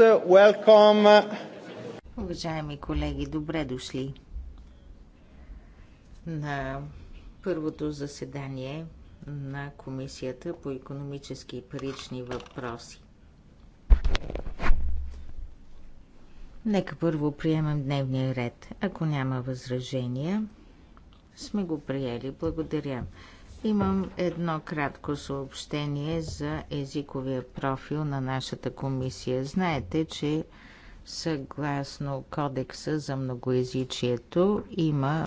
welcome. Уважаеми колеги, добре дошли на първото заседание на Комисията по економически и парични въпроси. Нека първо приемем дневния ред. Ако няма възражения, сме го приели. Благодаря. Имам едно кратко съобщение за езиковия профил на нашата комисия. Знаете, че съгласно Кодекса за многоязичието има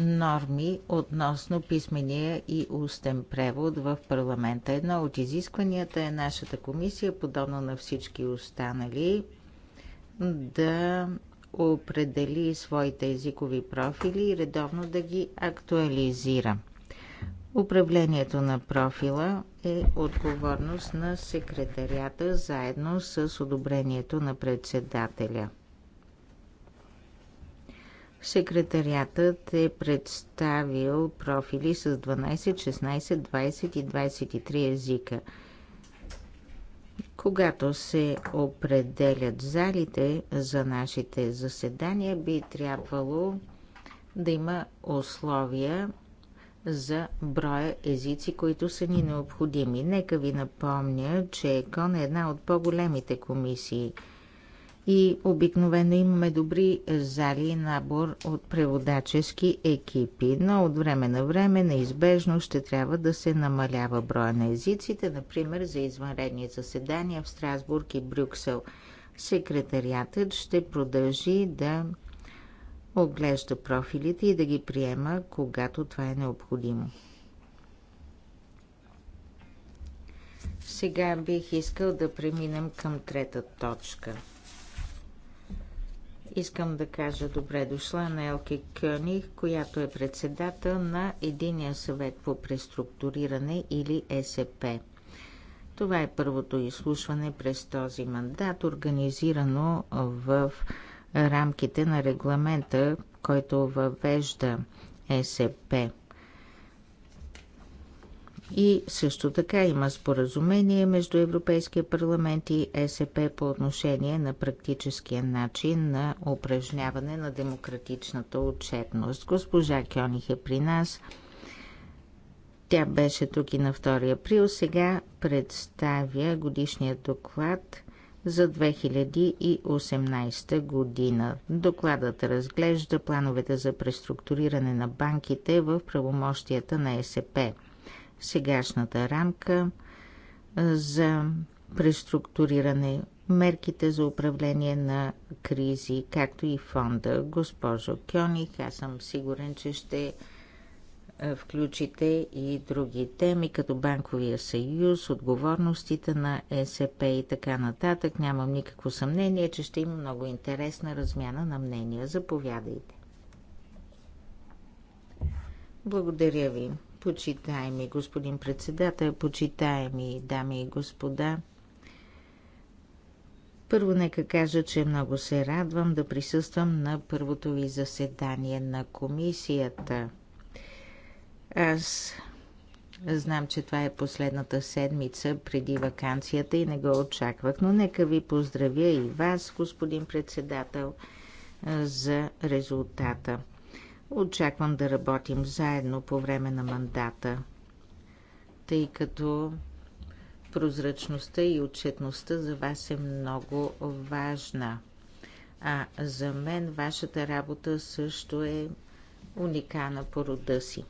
норми относно писмения и устен превод в парламента. Едно от изискванията е нашата комисия, подобно на всички останали, да определи своите езикови профили и редовно да ги актуализира. Управлението на профила е отговорност на секретарията заедно с одобрението на председателя. Секретариатът е представил профили с 12, 16, 20 и 23 езика. Когато се определят залите за нашите заседания, би трябвало да има условия за броя езици, които са ни необходими. Нека ви напомня, че ЕКОН е една от по-големите комисии и обикновено имаме добри зали и набор от преводачески екипи, но от време на време неизбежно ще трябва да се намалява броя на езиците, например за извънредни заседания в Страсбург и Брюксел. Секретариатът ще продължи да оглежда профилите и да ги приема, когато това е необходимо. Сега бих искал да преминем към трета точка. Искам да кажа добре дошла на Елки Кьоних, която е председател на Единия съвет по преструктуриране или СП. Това е първото изслушване през този мандат, организирано в рамките на регламента, който въвежда СП. И също така има споразумение между Европейския парламент и СП по отношение на практическия начин на упражняване на демократичната отчетност. Госпожа Кьоних е при нас. Тя беше тук и на 2 април. Сега представя годишния доклад за 2018 година. Докладът разглежда плановете за преструктуриране на банките в правомощията на СП. Сегашната рамка за преструктуриране, мерките за управление на кризи, както и фонда. Госпожо Кьоних, аз съм сигурен, че ще включите и други теми, като банковия съюз, отговорностите на ЕСП и така нататък. Нямам никакво съмнение, че ще има много интересна размяна на мнения. Заповядайте. Благодаря ви, почитаеми господин председател, почитаеми дами и господа. Първо нека кажа, че много се радвам да присъствам на първото ви заседание на комисията – аз знам, че това е последната седмица преди вакансията и не го очаквах, но нека ви поздравя и вас, господин председател, за резултата. Очаквам да работим заедно по време на мандата, тъй като прозрачността и отчетността за вас е много важна. А за мен вашата работа също е уникална по рода си.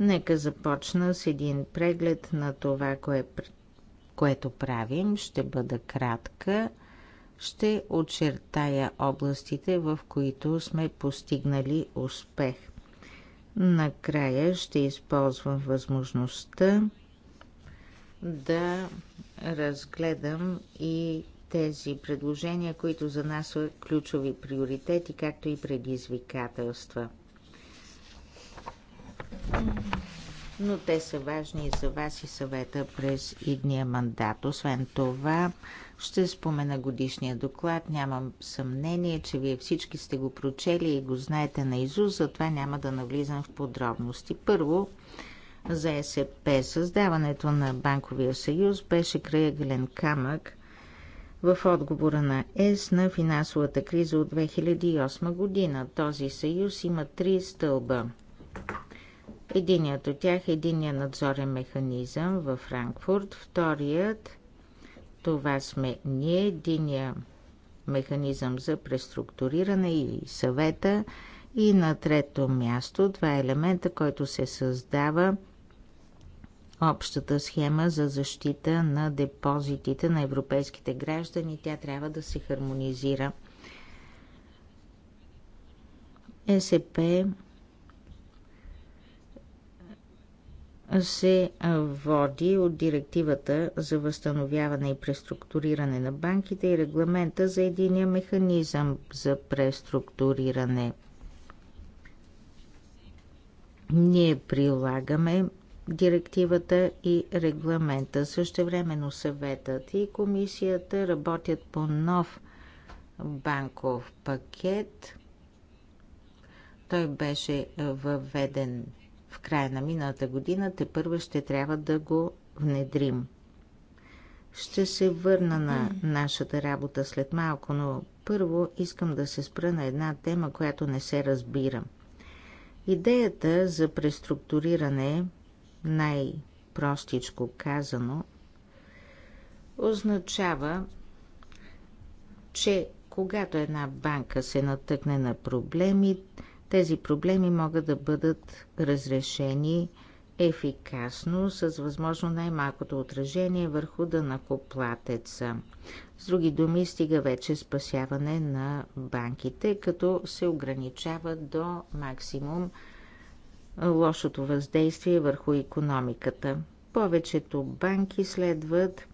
Нека започна с един преглед на това, кое, което правим. Ще бъда кратка. Ще очертая областите, в които сме постигнали успех. Накрая ще използвам възможността да разгледам и тези предложения, които за нас са ключови приоритети, както и предизвикателства – но те са важни и за вас и съвета през идния мандат. Освен това, ще спомена годишния доклад. Нямам съмнение, че вие всички сте го прочели и го знаете на Изус, затова няма да навлизам в подробности. Първо, за СП. Създаването на Банковия съюз беше краягален камък в отговора на ЕС на финансовата криза от 2008 година. Този съюз има три стълба Единият от тях е единният надзорен механизъм във Франкфурт, вторият това сме ние, единият механизъм за преструктуриране и съвета и на трето място два е елемента, който се създава общата схема за защита на депозитите на европейските граждани. Тя трябва да се хармонизира. Е СП. се води от директивата за възстановяване и преструктуриране на банките и регламента за единия механизъм за преструктуриране. Ние прилагаме директивата и регламента. Същевременно съветът и комисията работят по нов банков пакет. Той беше въведен в края на миналата година, те първо ще трябва да го внедрим. Ще се върна на нашата работа след малко, но първо искам да се спра на една тема, която не се разбира. Идеята за преструктуриране, най-простичко казано, означава, че когато една банка се натъкне на проблемите, тези проблеми могат да бъдат разрешени ефикасно, с възможно най-малкото отражение върху дънакоплатеца. С други думи, стига вече спасяване на банките, като се ограничава до максимум лошото въздействие върху економиката. Повечето банки следват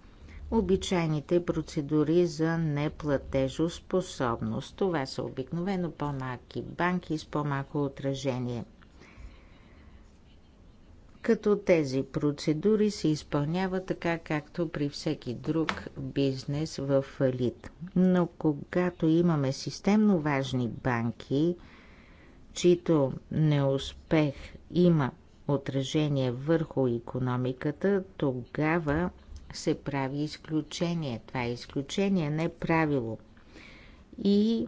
обичайните процедури за неплатежоспособност. Това са обикновено по-малки банки с по-малко отражение. Като тези процедури се изпълняват така, както при всеки друг бизнес в фалит. Но когато имаме системно важни банки, чието неуспех има отражение върху економиката, тогава се прави изключение. Това е изключение, не правило. И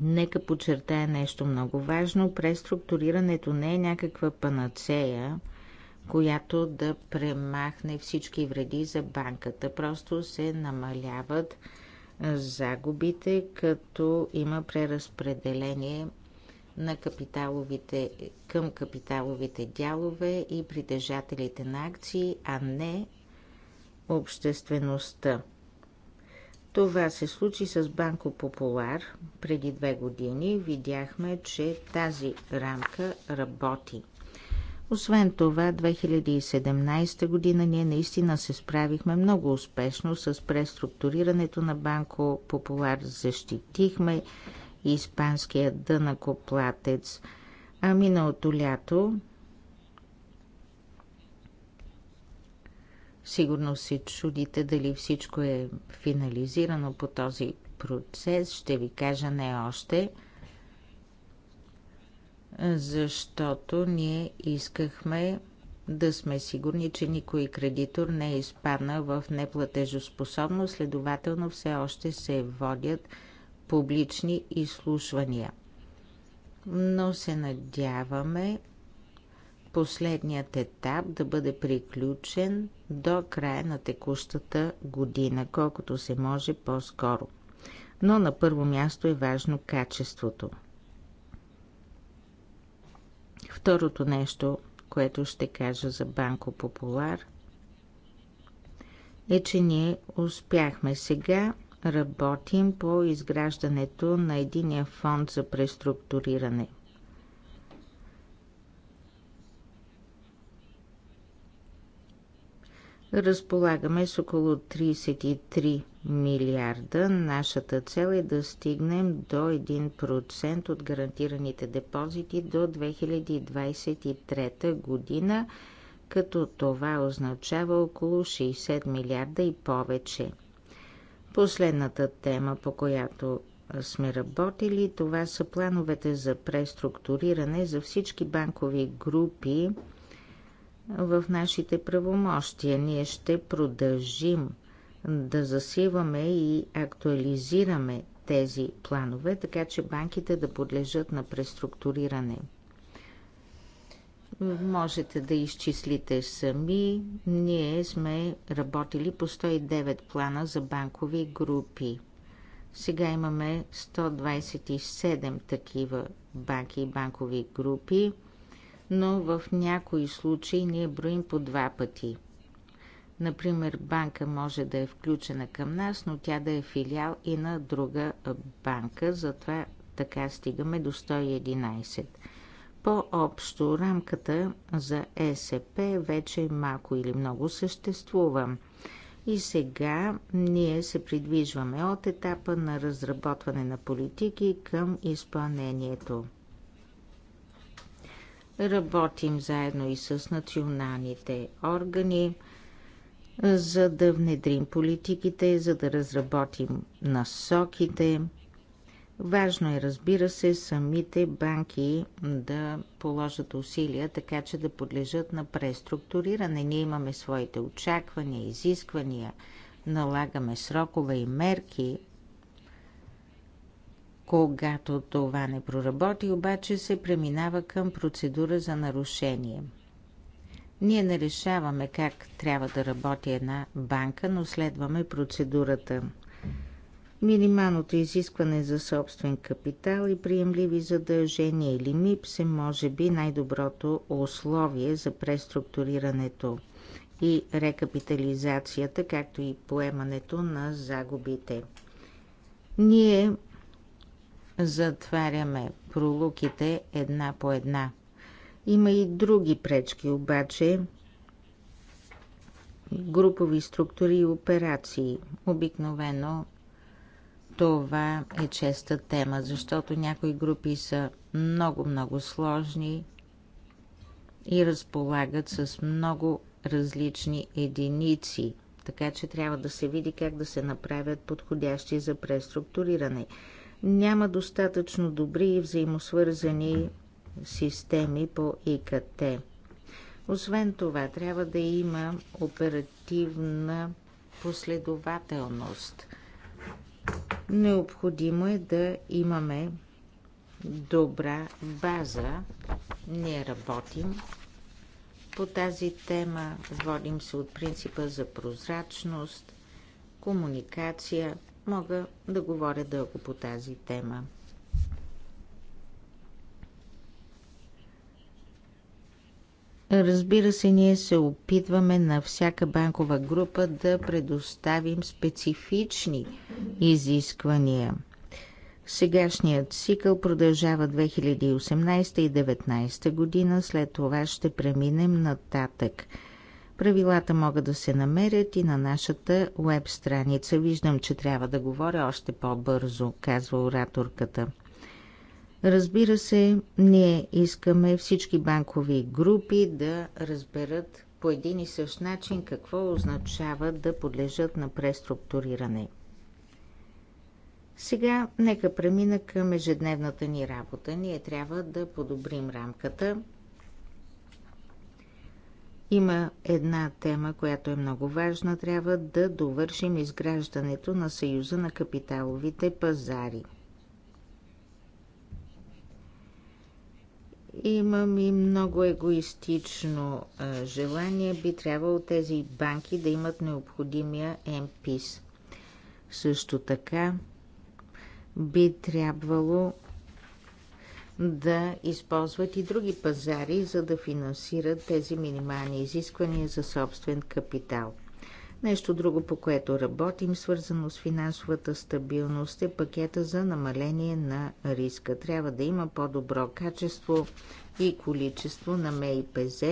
нека подчертая нещо много важно. Преструктурирането не е някаква панацея, която да премахне всички вреди за банката. Просто се намаляват загубите, като има преразпределение на капиталовите, към капиталовите дялове и притежателите на акции, а не обществеността. Това се случи с Банко Популар преди две години. Видяхме, че тази рамка работи. Освен това, 2017 година ние наистина се справихме много успешно с преструктурирането на Банко Популар. Защитихме испанския дънакоплатец. А миналото лято Сигурно се чудите дали всичко е финализирано по този процес. Ще ви кажа не още, защото ние искахме да сме сигурни, че никой кредитор не е изпадна в неплатежоспособност, следователно все още се водят публични изслушвания. Но се надяваме последният етап да бъде приключен до края на текущата година, колкото се може по-скоро. Но на първо място е важно качеството. Второто нещо, което ще кажа за Банко Популар, е, че ние успяхме сега работим по изграждането на единия фонд за преструктуриране. разполагаме с около 33 милиарда. Нашата цел е да стигнем до 1% от гарантираните депозити до 2023 година, като това означава около 60 милиарда и повече. Последната тема, по която сме работили, това са плановете за преструктуриране за всички банкови групи – в нашите правомощия. Ние ще продължим да засиваме и актуализираме тези планове, така че банките да подлежат на преструктуриране. Можете да изчислите сами. Ние сме работили по 109 плана за банкови групи. Сега имаме 127 такива банки и банкови групи но в някои случаи ние броим по два пъти. Например, банка може да е включена към нас, но тя да е филиал и на друга банка, затова така стигаме до 111. По-общо рамката за ЕСП вече малко или много съществува. И сега ние се придвижваме от етапа на разработване на политики към изпълнението. Работим заедно и с националните органи, за да внедрим политиките, за да разработим насоките. Важно е, разбира се, самите банки да положат усилия, така че да подлежат на преструктуриране. Ние имаме своите очаквания, изисквания, налагаме срокове и мерки когато това не проработи, обаче се преминава към процедура за нарушение. Ние не решаваме как трябва да работи една банка, но следваме процедурата. Минималното изискване за собствен капитал и приемливи задължения или МИП се може би най-доброто условие за преструктурирането и рекапитализацията, както и поемането на загубите. Ние Затваряме пролуките една по една. Има и други пречки, обаче групови структури и операции. Обикновено това е честа тема, защото някои групи са много-много сложни и разполагат с много различни единици, така че трябва да се види как да се направят подходящи за преструктуриране – няма достатъчно добри и взаимосвързани системи по ИКТ. Освен това, трябва да има оперативна последователност. Необходимо е да имаме добра база. Ние работим по тази тема, водим се от принципа за прозрачност, комуникация – Мога да говоря дълго по тази тема. Разбира се, ние се опитваме на всяка банкова група да предоставим специфични изисквания. Сегашният цикъл продължава 2018 и 2019 година, след това ще преминем нататък – Правилата могат да се намерят и на нашата веб страница. Виждам, че трябва да говоря още по-бързо, казва ораторката. Разбира се, ние искаме всички банкови групи да разберат по един и същ начин какво означава да подлежат на преструктуриране. Сега нека премина към ежедневната ни работа. Ние трябва да подобрим рамката – има една тема, която е много важна. Трябва да довършим изграждането на Съюза на капиталовите пазари. Имам и много егоистично желание. Би трябвало тези банки да имат необходимия МПИС. Също така би трябвало да използват и други пазари, за да финансират тези минимални изисквания за собствен капитал. Нещо друго, по което работим, свързано с финансовата стабилност, е пакета за намаление на риска. Трябва да има по-добро качество и количество на МЕИПЗ.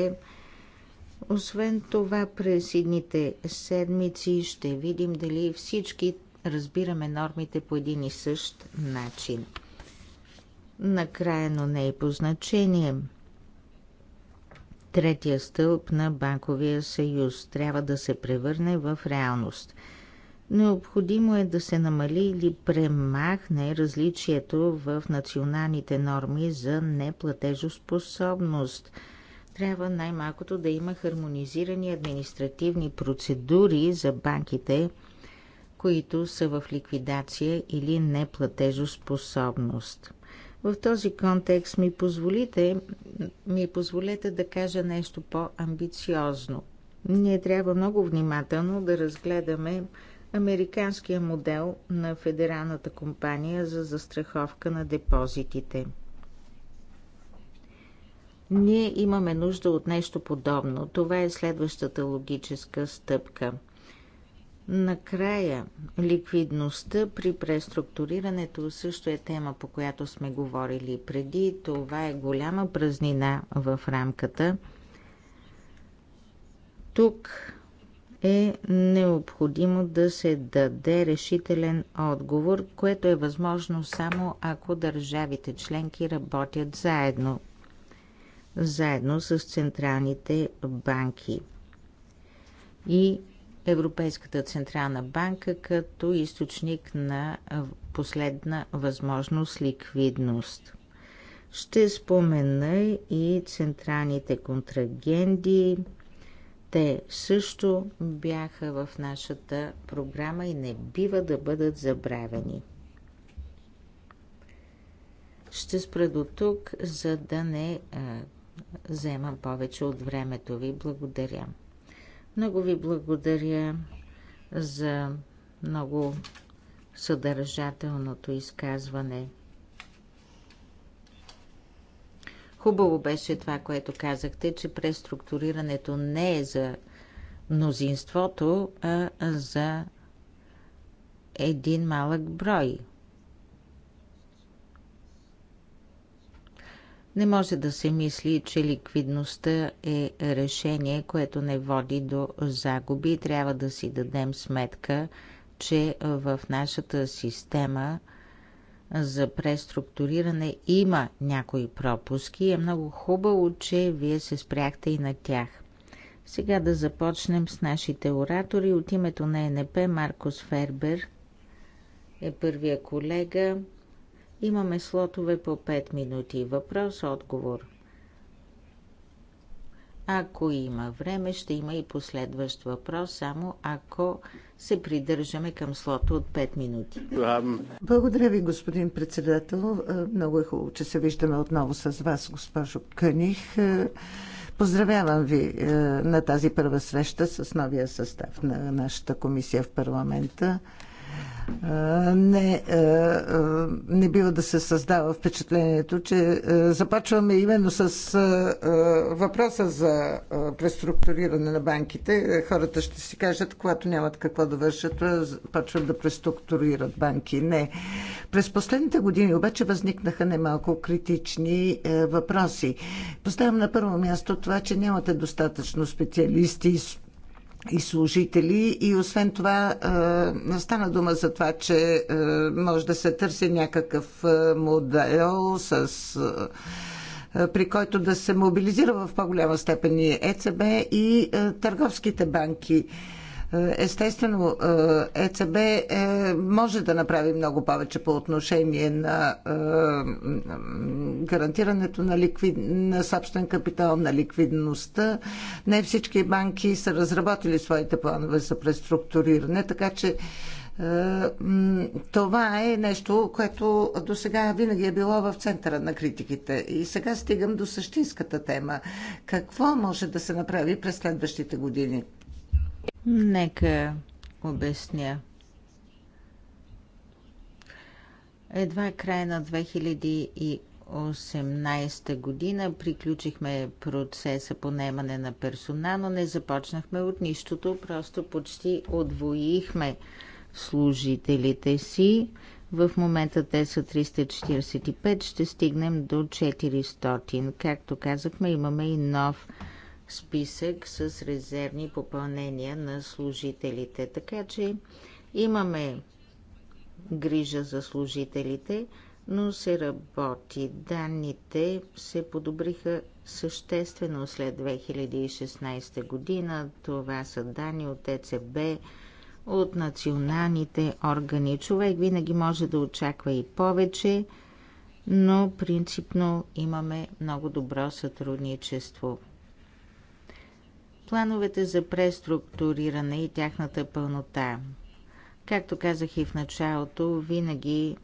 Освен това, през едните седмици ще видим дали всички разбираме нормите по един и същ начин накрая, но не и по значение. Третия стълб на Банковия съюз трябва да се превърне в реалност. Необходимо е да се намали или премахне различието в националните норми за неплатежоспособност. Трябва най-малкото да има хармонизирани административни процедури за банките, които са в ликвидация или неплатежоспособност. В този контекст ми, позволите, ми позволете да кажа нещо по-амбициозно. Ние трябва много внимателно да разгледаме американския модел на Федералната компания за застраховка на депозитите. Ние имаме нужда от нещо подобно. Това е следващата логическа стъпка – Накрая, ликвидността при преструктурирането също е тема, по която сме говорили преди. Това е голяма празнина в рамката. Тук е необходимо да се даде решителен отговор, което е възможно само ако държавите членки работят заедно, заедно с централните банки и Европейската централна банка като източник на последна възможност ликвидност. Ще спомена и централните контрагенди. Те също бяха в нашата програма и не бива да бъдат забравени. Ще спра до тук, за да не а, взема повече от времето ви. Благодаря. Много ви благодаря за много съдържателното изказване. Хубаво беше това, което казахте, че преструктурирането не е за мнозинството, а за един малък брой Не може да се мисли, че ликвидността е решение, което не води до загуби. Трябва да си дадем сметка, че в нашата система за преструктуриране има някои пропуски. Е много хубаво, че вие се спряхте и на тях. Сега да започнем с нашите оратори. От името на ЕНП Маркос Фербер е първия колега. Имаме слотове по 5 минути. Въпрос-отговор. Ако има време, ще има и последващ въпрос, само ако се придържаме към слота от 5 минути. Благодаря ви, господин председател. Много е хубаво, че се виждаме отново с вас, госпожо Къних. Поздравявам ви е, на тази първа среща с новия състав на нашата комисия в парламента не, не бива да се създава впечатлението, че започваме именно с въпроса за преструктуриране на банките. Хората ще си кажат, когато нямат какво да вършат, почват да преструктурират банки. Не. През последните години обаче възникнаха немалко критични въпроси. Поставям на първо място това, че нямате достатъчно специалисти, и служители и освен това е, стана дума за това, че може да се търси някакъв модел с при който да се мобилизира в по-голяма степен и ЕЦБ и търговските банки. Естествено, е, ЕЦБ е, може да направи много повече по отношение на е, гарантирането на, ликвид... на собствен капитал, на ликвидността. Не всички банки са разработили своите планове за преструктуриране, така че това е нещо, което до сега винаги е било в центъра на критиките. И сега стигам до същинската тема. Какво може да се направи през следващите години? Нека обясня. Едва края на 2018 година приключихме процеса по наемане на персонал, но не започнахме от нищото, просто почти отвоихме служителите си. В момента те са 345, ще стигнем до 400. Както казахме, имаме и нов списък с резервни попълнения на служителите. Така че имаме грижа за служителите, но се работи. Данните се подобриха съществено след 2016 година. Това са данни от ЕЦБ, от националните органи. Човек винаги може да очаква и повече, но принципно имаме много добро сътрудничество плановете за преструктуриране и тяхната пълнота. Както казах и в началото, винаги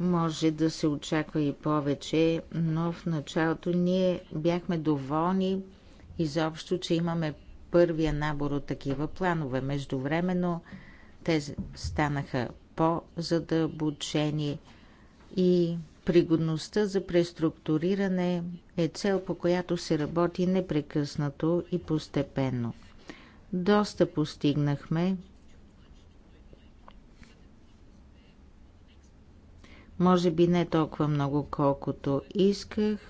може да се очаква и повече, но в началото ние бяхме доволни изобщо, че имаме първия набор от такива планове. Междувременно те станаха по-задълбочени и пригодността за преструктуриране е цел, по която се работи непрекъснато и постепенно. Доста постигнахме. Може би не толкова много, колкото исках,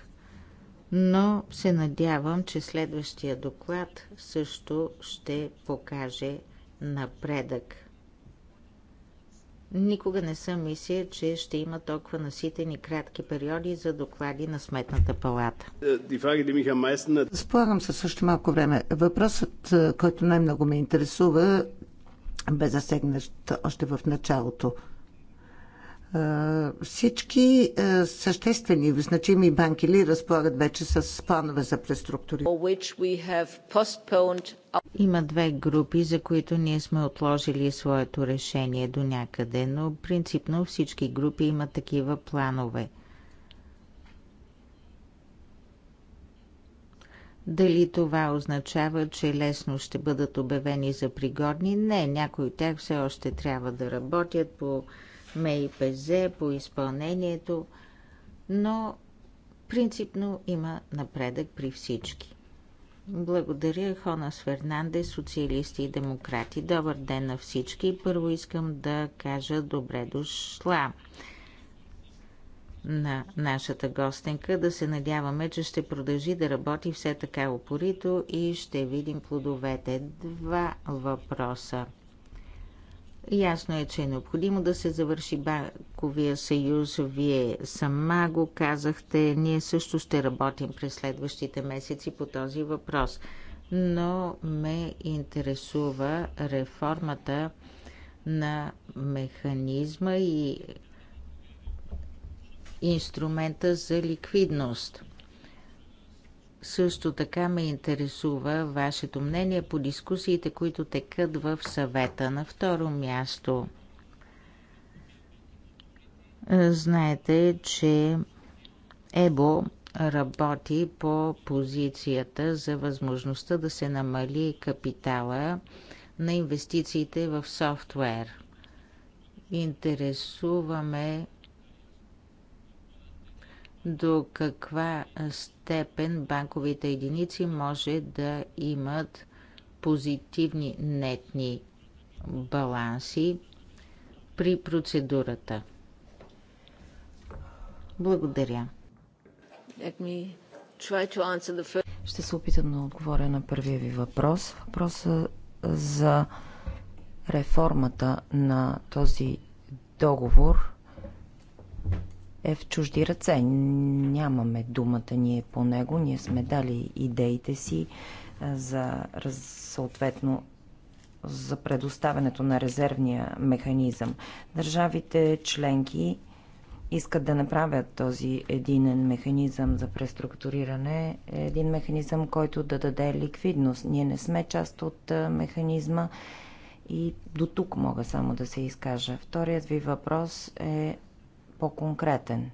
но се надявам, че следващия доклад също ще покаже напредък. Никога не съм мислил, че ще има толкова наситени кратки периоди за доклади на Сметната палата. Е, Сполагам се също малко време. Въпросът, е, който най-много ме интересува, бе засегнат още в началото. Е, всички съществени, значими банки ли разполагат вече с планове за преструктуриране? Има две групи, за които ние сме отложили своето решение до някъде, но принципно всички групи имат такива планове. Дали това означава, че лесно ще бъдат обявени за пригодни? Не, някои от тях все още трябва да работят по МИПЗ, по изпълнението, но принципно има напредък при всички. Благодаря, Хонас Фернандес, социалисти и демократи. Добър ден на всички. Първо искам да кажа добре дошла на нашата гостенка. Да се надяваме, че ще продължи да работи все така опорито и ще видим плодовете. Два въпроса. Ясно е, че е необходимо да се завърши Банковия съюз. Вие сама го казахте. Ние също ще работим през следващите месеци по този въпрос. Но ме интересува реформата на механизма и инструмента за ликвидност – също така ме интересува вашето мнение по дискусиите, които текат в съвета. На второ място, е, знаете, че ЕБО работи по позицията за възможността да се намали капитала на инвестициите в софтуер. Интересуваме до каква степен банковите единици може да имат позитивни нетни баланси при процедурата. Благодаря. Ще се опитам да отговоря на първия ви въпрос. Въпроса за реформата на този договор е в чужди ръце. Нямаме думата ние по него. Ние сме дали идеите си за съответно за предоставянето на резервния механизъм. Държавите членки искат да направят този единен механизъм за преструктуриране, е един механизъм, който да даде ликвидност. Ние не сме част от механизма и до тук мога само да се изкажа. Вторият ви въпрос е по-конкретен.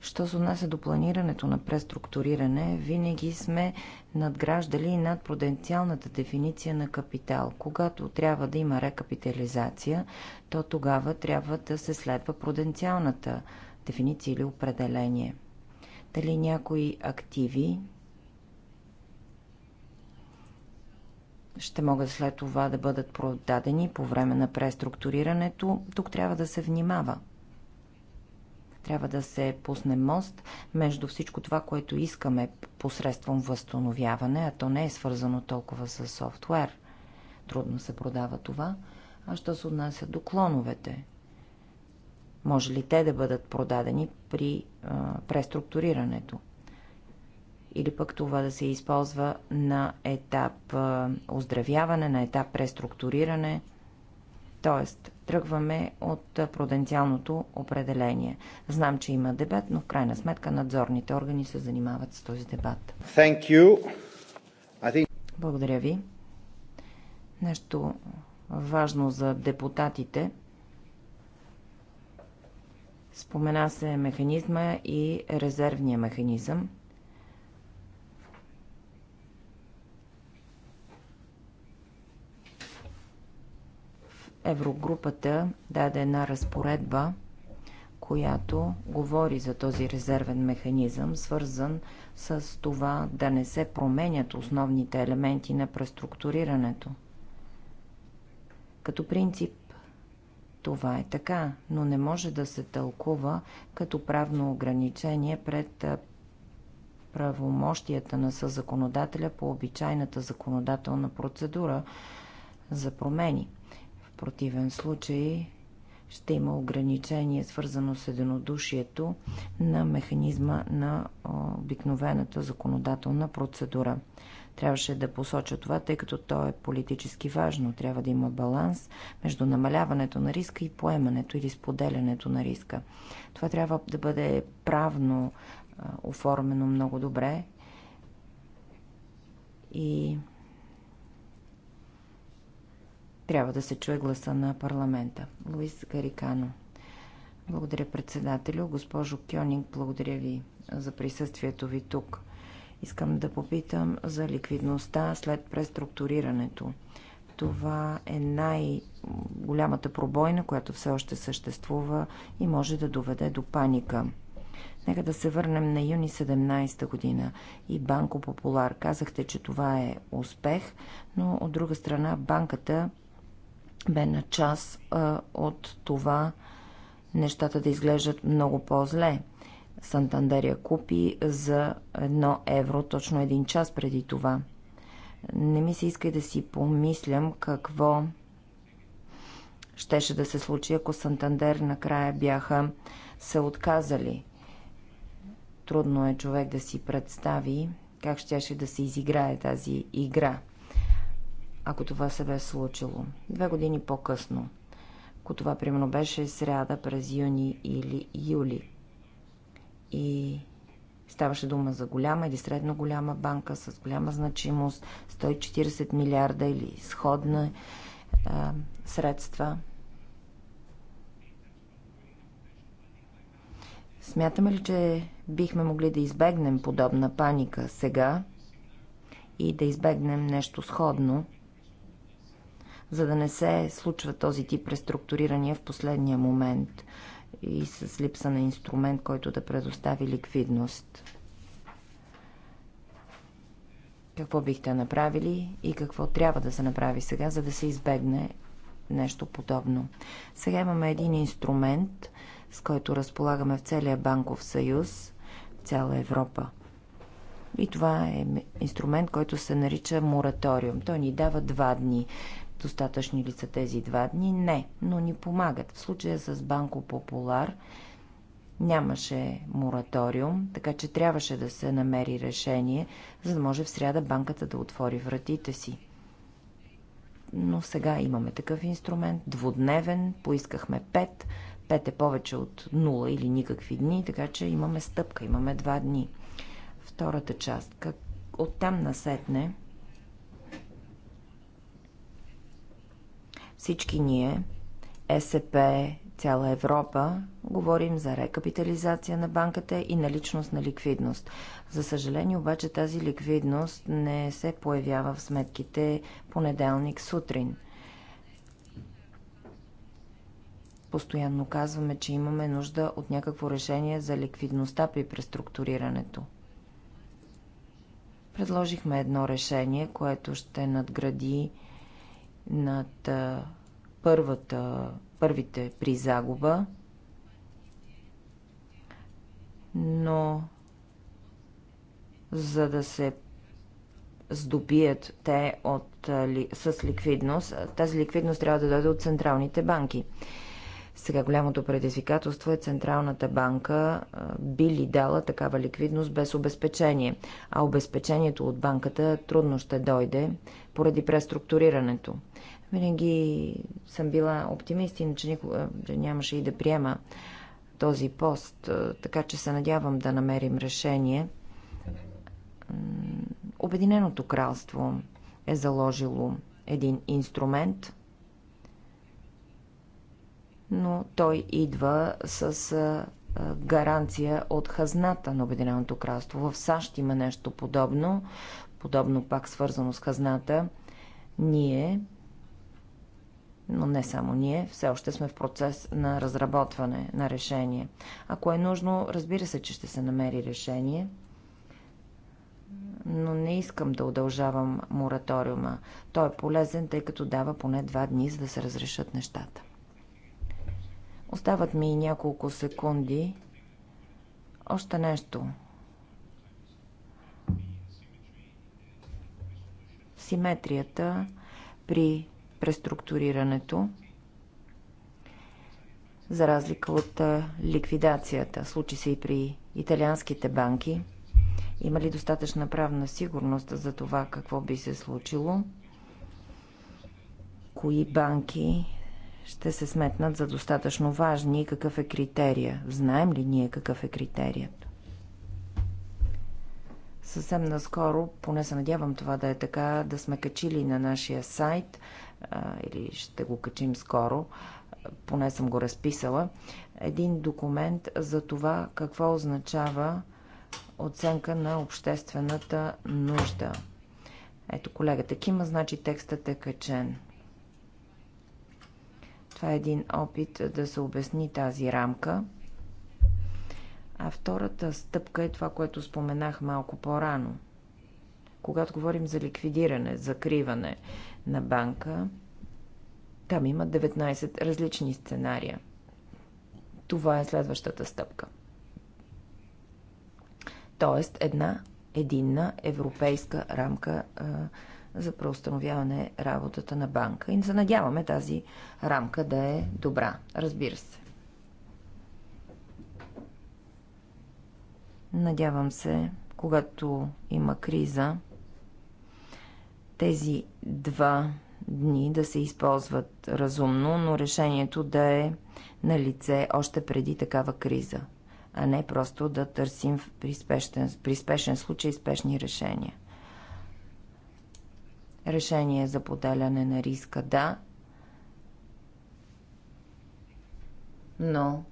Що се отнася до планирането на преструктуриране, винаги сме надграждали над пруденциалната дефиниция на капитал. Когато трябва да има рекапитализация, то тогава трябва да се следва пруденциалната дефиниция или определение. Дали някои активи ще могат след това да бъдат продадени по време на преструктурирането, тук трябва да се внимава. Трябва да се пусне мост между всичко това, което искаме посредством възстановяване, а то не е свързано толкова с софтуер. Трудно се продава това. А що се отнася до клоновете? Може ли те да бъдат продадени при а, преструктурирането? Или пък това да се използва на етап а, оздравяване, на етап преструктуриране? Тоест, тръгваме от пруденциалното определение. Знам, че има дебат, но в крайна сметка надзорните органи се занимават с този дебат. Thank you. I think... Благодаря ви. Нещо важно за депутатите. Спомена се механизма и резервния механизъм. Еврогрупата даде една разпоредба, която говори за този резервен механизъм, свързан с това да не се променят основните елементи на преструктурирането. Като принцип това е така, но не може да се тълкува като правно ограничение пред правомощията на съзаконодателя по обичайната законодателна процедура за промени противен случай ще има ограничение, свързано с единодушието на механизма на обикновената законодателна процедура. Трябваше да посоча това, тъй като то е политически важно. Трябва да има баланс между намаляването на риска и поемането или споделянето на риска. Това трябва да бъде правно оформено много добре и трябва да се чуе гласа на парламента. Луис Гарикано. Благодаря председателю. Госпожо Кьонинг, благодаря ви за присъствието ви тук. Искам да попитам за ликвидността след преструктурирането. Това е най-голямата пробойна, която все още съществува и може да доведе до паника. Нека да се върнем на юни 17 година и Банко Популар. Казахте, че това е успех, но от друга страна банката сме на час а, от това нещата да изглеждат много по-зле. Сантандер я купи за едно евро точно един час преди това. Не ми се иска да си помислям какво щеше да се случи, ако Сантандер накрая бяха се отказали. Трудно е човек да си представи как щеше да се изиграе тази игра ако това се бе случило. Две години по-късно, ако това примерно беше сряда през юни или юли и ставаше дума за голяма или средно голяма банка с голяма значимост, 140 милиарда или сходна е, средства. Смятаме ли, че бихме могли да избегнем подобна паника сега и да избегнем нещо сходно? за да не се случва този тип преструктурирания в последния момент и с липса на инструмент, който да предостави ликвидност. Какво бихте направили и какво трябва да се направи сега, за да се избегне нещо подобно? Сега имаме един инструмент, с който разполагаме в целия банков съюз, в цяла Европа. И това е инструмент, който се нарича мораториум. Той ни дава два дни. Достатъчни ли са тези два дни? Не, но ни помагат. В случая с Банко Популар нямаше мораториум, така че трябваше да се намери решение, за да може в сряда банката да отвори вратите си. Но сега имаме такъв инструмент, двудневен, поискахме пет, пет е повече от нула или никакви дни, така че имаме стъпка, имаме два дни. Втората част, как оттам насетне, Всички ние, ЕСП, цяла Европа, говорим за рекапитализация на банката и наличност на ликвидност. За съжаление обаче тази ликвидност не се появява в сметките понеделник сутрин. Постоянно казваме, че имаме нужда от някакво решение за ликвидността при преструктурирането. Предложихме едно решение, което ще надгради над първата, първите при загуба, но за да се здобият те от, с ликвидност, тази ликвидност трябва да дойде от централните банки. Сега голямото предизвикателство е Централната банка би ли дала такава ликвидност без обезпечение, а обезпечението от банката трудно ще дойде поради преструктурирането. Винаги съм била оптимист, иначе никога нямаше и да приема този пост, така че се надявам да намерим решение. Обединеното кралство е заложило един инструмент – но той идва с гаранция от хазната на Обединеното кралство. В САЩ има нещо подобно, подобно пак свързано с хазната. Ние, но не само ние, все още сме в процес на разработване на решение. Ако е нужно, разбира се, че ще се намери решение, но не искам да удължавам мораториума. Той е полезен, тъй като дава поне два дни, за да се разрешат нещата. Остават ми и няколко секунди. Още нещо. Симетрията при преструктурирането за разлика от ликвидацията. Случи се и при италианските банки. Има ли достатъчна правна сигурност за това какво би се случило? Кои банки ще се сметнат за достатъчно важни и какъв е критерия. Знаем ли ние какъв е критерият? Съвсем наскоро, поне се надявам това да е така, да сме качили на нашия сайт, а, или ще го качим скоро, поне съм го разписала, един документ за това какво означава оценка на обществената нужда. Ето колегата Кима, значи текстът е качен. Това е един опит да се обясни тази рамка. А втората стъпка е това, което споменах малко по-рано. Когато говорим за ликвидиране, закриване на банка, там има 19 различни сценария. Това е следващата стъпка. Тоест една единна европейска рамка а, за преустановяване работата на банка. И се надяваме тази рамка да е добра, разбира се. Надявам се, когато има криза, тези два дни да се използват разумно, но решението да е на лице още преди такава криза, а не просто да търсим при спешен, при спешен случай спешни решения. Решение за поделяне на риска – да, но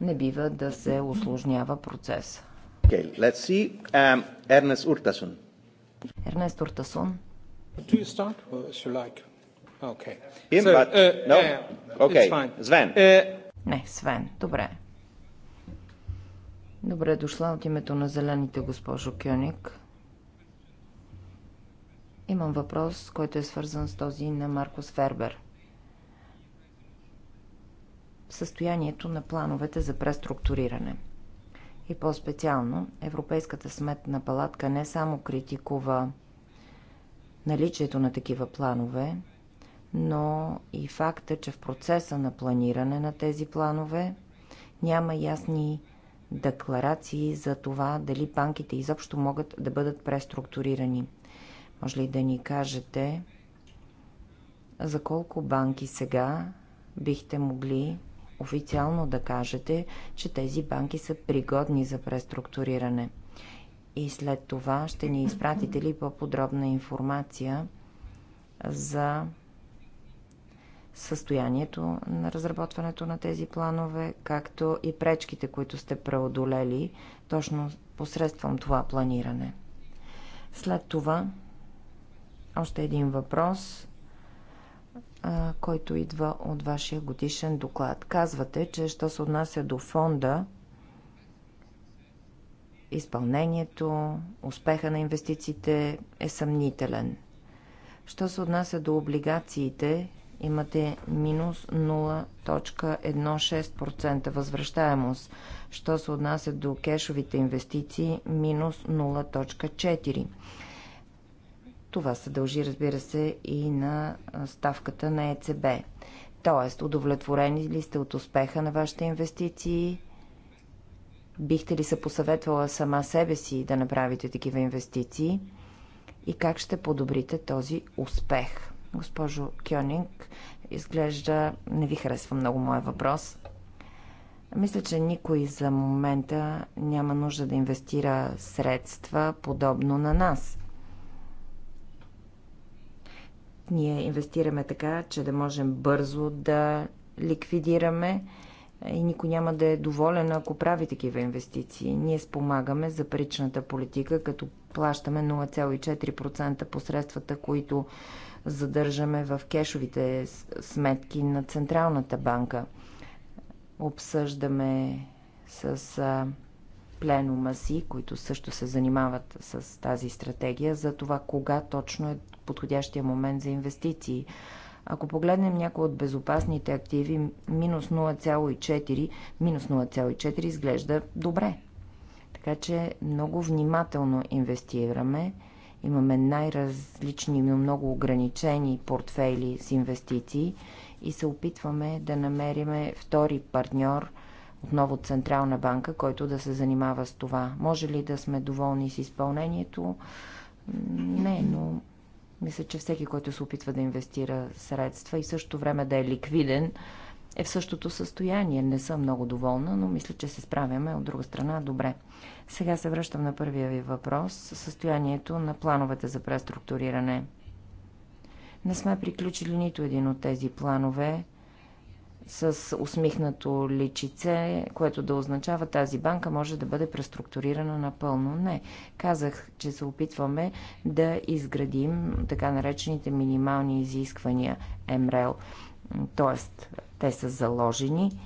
не бива да се осложнява процеса. Okay, let's see. Um, Ernest Urtasun. Ernest Urtasun. Do you start or Okay. Him, so, but, uh, no? Uh, okay. It's fine. Sven. Uh... Не, Свен. Добре. Добре дошла от името на Зелените, госпожо Кюник. Имам въпрос, който е свързан с този на Маркус Фербер. Състоянието на плановете за преструктуриране. И по-специално, Европейската сметна палатка не само критикува наличието на такива планове, но и факта, че в процеса на планиране на тези планове няма ясни декларации за това дали банките изобщо могат да бъдат преструктурирани. Може ли да ни кажете за колко банки сега бихте могли официално да кажете, че тези банки са пригодни за преструктуриране? И след това ще ни изпратите ли по-подробна информация за състоянието на разработването на тези планове, както и пречките, които сте преодолели точно посредством това планиране. След това още един въпрос, който идва от вашия годишен доклад. Казвате, че що се отнася до фонда, изпълнението, успеха на инвестициите е съмнителен. Що се отнася до облигациите, имате минус 0.16% възвръщаемост. Що се отнася до кешовите инвестиции, минус 0.4%. Това се дължи, разбира се, и на ставката на ЕЦБ. Тоест, удовлетворени ли сте от успеха на вашите инвестиции? Бихте ли се посъветвала сама себе си да направите такива инвестиции? И как ще подобрите този успех? Госпожо Кьонинг, изглежда не ви харесва много моя въпрос. Мисля, че никой за момента няма нужда да инвестира средства подобно на нас – ние инвестираме така, че да можем бързо да ликвидираме и никой няма да е доволен, ако прави такива инвестиции. Ние спомагаме за паричната политика, като плащаме 0,4% посредствата, които задържаме в кешовите сметки на Централната банка. Обсъждаме с пленома пленума си, които също се занимават с тази стратегия, за това кога точно е подходящия момент за инвестиции. Ако погледнем някои от безопасните активи, минус 0,4, минус 0,4 изглежда добре. Така че много внимателно инвестираме. Имаме най-различни, но много ограничени портфейли с инвестиции и се опитваме да намериме втори партньор, отново Централна банка, който да се занимава с това. Може ли да сме доволни с изпълнението? Не, но мисля, че всеки, който се опитва да инвестира средства и също време да е ликвиден, е в същото състояние. Не съм много доволна, но мисля, че се справяме от друга страна добре. Сега се връщам на първия ви въпрос състоянието на плановете за преструктуриране. Не сме приключили нито един от тези планове с усмихнато личице, което да означава тази банка може да бъде преструктурирана напълно. Не. Казах, че се опитваме да изградим така наречените минимални изисквания МРЕЛ. Тоест, те са заложени,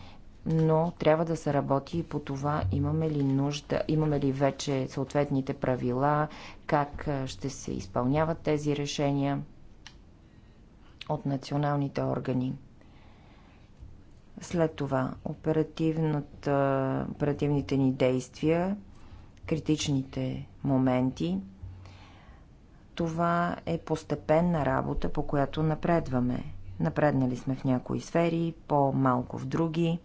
но трябва да се работи и по това имаме ли нужда, имаме ли вече съответните правила, как ще се изпълняват тези решения от националните органи. След това оперативните ни действия, критичните моменти. Това е постепенна работа, по която напредваме. Напреднали сме в някои сфери, по-малко в други.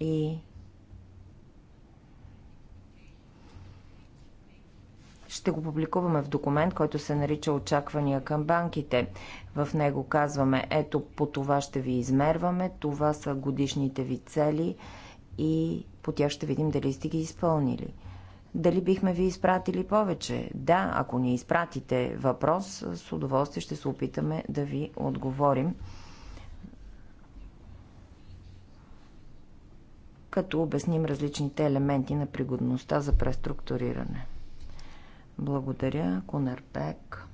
И ще го публикуваме в документ, който се нарича Очаквания към банките. В него казваме, ето по това ще ви измерваме, това са годишните ви цели и по тях ще видим дали сте ги изпълнили. Дали бихме ви изпратили повече? Да, ако ни изпратите въпрос, с удоволствие ще се опитаме да ви отговорим. като обясним различните елементи на пригодността за преструктуриране. Благодаря, Кунерпек.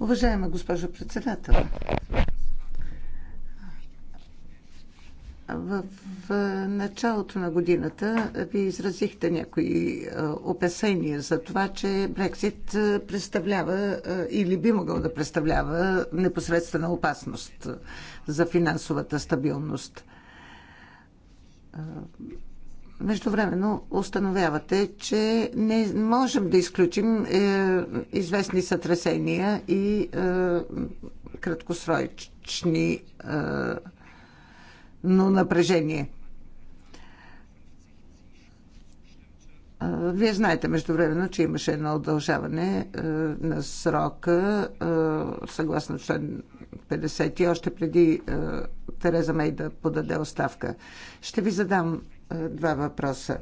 Уважаема госпожо председател, в началото на годината ви изразихте някои опасения за това, че Брексит представлява или би могъл да представлява непосредствена опасност за финансовата стабилност. Междувременно установявате, че не можем да изключим е, известни сътресения и е, краткосрочни е, но напрежение. Е, вие знаете междувременно, че имаше едно удължаване е, на срока, е, съгласно член 50, и още преди Тереза Мей да подаде оставка. Ще ви задам е, два въпроса.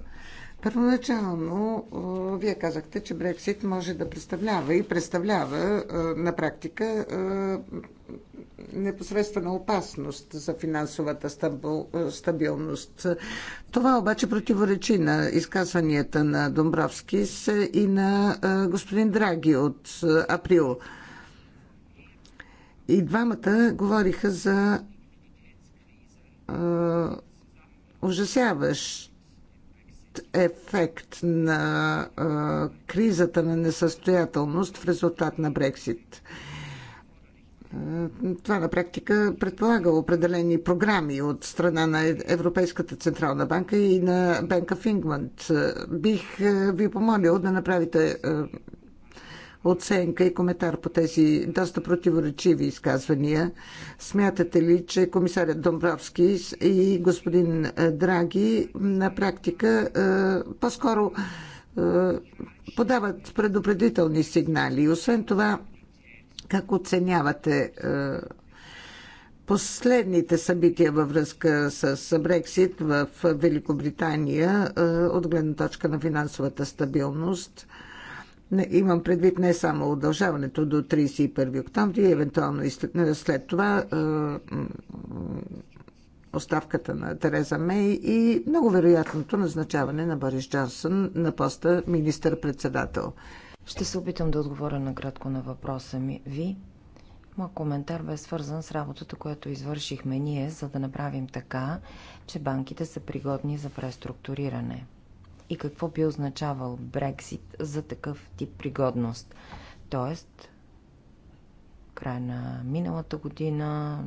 Първоначално, е, вие казахте, че Брексит може да представлява и представлява е, на практика непосредствена опасност за финансовата стабилност. Това обаче противоречи на изказванията на Домбровски и на господин Драги от април. И двамата говориха за ужасяващ ефект на а, кризата на несъстоятелност в резултат на Брексит. Това на практика предполага определени програми от страна на Европейската Централна банка и на Банка Фингманд. Бих ви помолил да направите оценка и коментар по тези доста противоречиви изказвания. Смятате ли, че комисарят Домбровски и господин е, Драги на практика е, по-скоро е, подават предупредителни сигнали? Освен това, как оценявате последните събития във връзка с Брексит в Великобритания от гледна точка на финансовата стабилност – Имам предвид не само удължаването до 31 октомври, евентуално и след това оставката на Тереза Мей и много вероятното назначаване на Борис Джонсън на поста министър-председател. Ще се опитам да отговоря накратко на въпроса ми. Ви, Моят коментар бе свързан с работата, която извършихме ние, за да направим така, че банките са пригодни за преструктуриране и какво би означавал Брексит за такъв тип пригодност. Тоест, края на миналата година,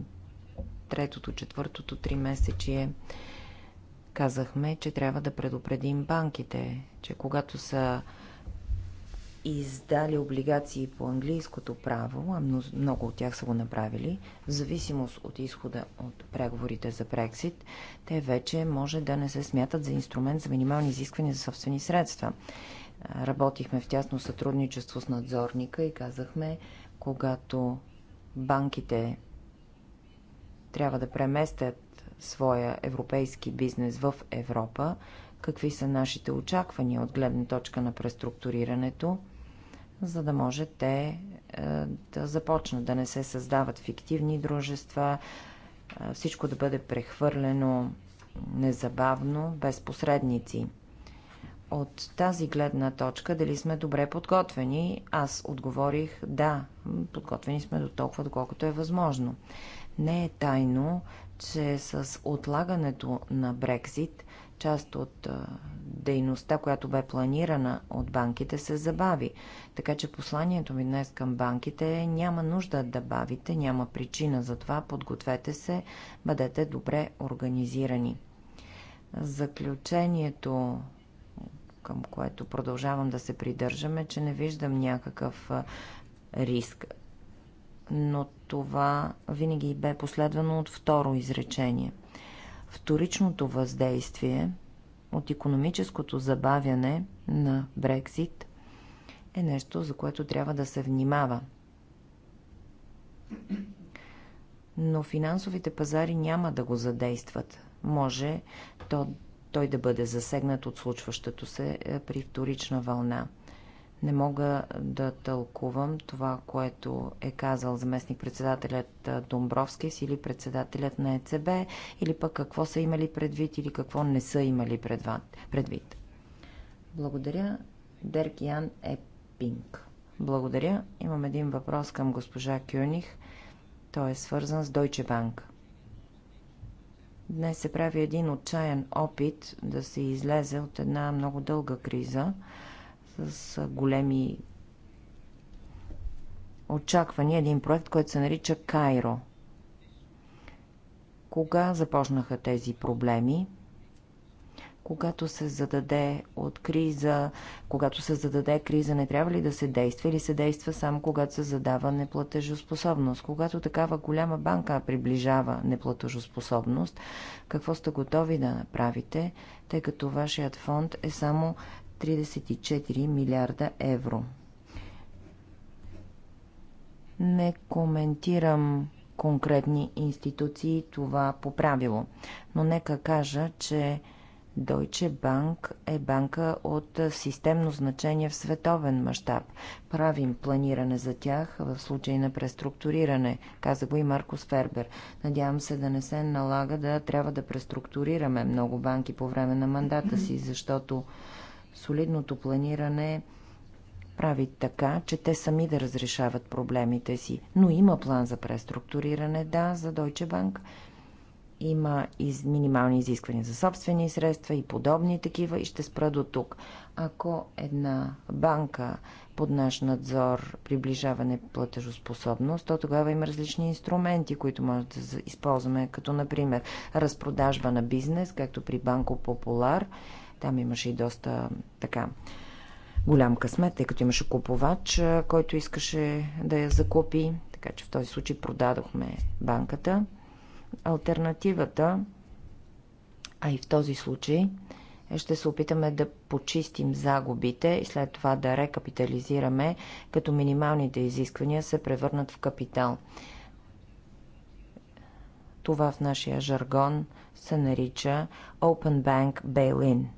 третото, четвъртото, три месечие, казахме, че трябва да предупредим банките, че когато са издали облигации по английското право, а много от тях са го направили, в зависимост от изхода от преговорите за Брексит, те вече може да не се смятат за инструмент за минимални изисквания за собствени средства. Работихме в тясно сътрудничество с надзорника и казахме, когато банките трябва да преместят своя европейски бизнес в Европа, какви са нашите очаквания от гледна точка на преструктурирането за да може те е, да започнат да не се създават фиктивни дружества, е, всичко да бъде прехвърлено незабавно, без посредници. От тази гледна точка, дали сме добре подготвени, аз отговорих да, подготвени сме до толкова, доколкото е възможно. Не е тайно, че с отлагането на Брекзит Част от дейността, която бе планирана от банките, се забави. Така че посланието ми днес към банките е няма нужда да бавите, няма причина за това, подгответе се, бъдете добре организирани. Заключението към което продължавам да се придържаме, че не виждам някакъв риск. Но това винаги бе последвано от второ изречение – вторичното въздействие от економическото забавяне на Брекзит е нещо, за което трябва да се внимава. Но финансовите пазари няма да го задействат. Може то, той да бъде засегнат от случващото се е, при вторична вълна. Не мога да тълкувам това, което е казал заместник-председателят Домбровскис или председателят на ЕЦБ, или пък какво са имали предвид или какво не са имали предвид. Благодаря. Деркиан е пинг. Благодаря. Имам един въпрос към госпожа Кюних. Той е свързан с Deutsche Bank. Днес се прави един отчаян опит да се излезе от една много дълга криза – с големи очаквания един проект, който се нарича Кайро. Кога започнаха тези проблеми? Когато се зададе от криза, когато се зададе криза, не трябва ли да се действа или се действа само когато се задава неплатежоспособност? Когато такава голяма банка приближава неплатежоспособност, какво сте готови да направите, тъй като вашият фонд е само 34 милиарда евро. Не коментирам конкретни институции това по правило, но нека кажа, че Deutsche Bank е банка от системно значение в световен мащаб. Правим планиране за тях в случай на преструктуриране, каза го и Маркус Фербер. Надявам се да не се налага да трябва да преструктурираме много банки по време на мандата си, защото солидното планиране прави така, че те сами да разрешават проблемите си. Но има план за преструктуриране, да, за Deutsche Bank. Има и минимални изисквания за собствени средства и подобни такива и ще спра до тук. Ако една банка под наш надзор приближаване неплатежоспособност, то тогава има различни инструменти, които може да използваме, като например разпродажба на бизнес, както при Банко Популар – там имаше и доста така голям късмет, тъй като имаше купувач, който искаше да я закупи. Така че в този случай продадохме банката. Альтернативата, а и в този случай, е, ще се опитаме да почистим загубите и след това да рекапитализираме, като минималните изисквания се превърнат в капитал. Това в нашия жаргон се нарича Open Bank Bail-in –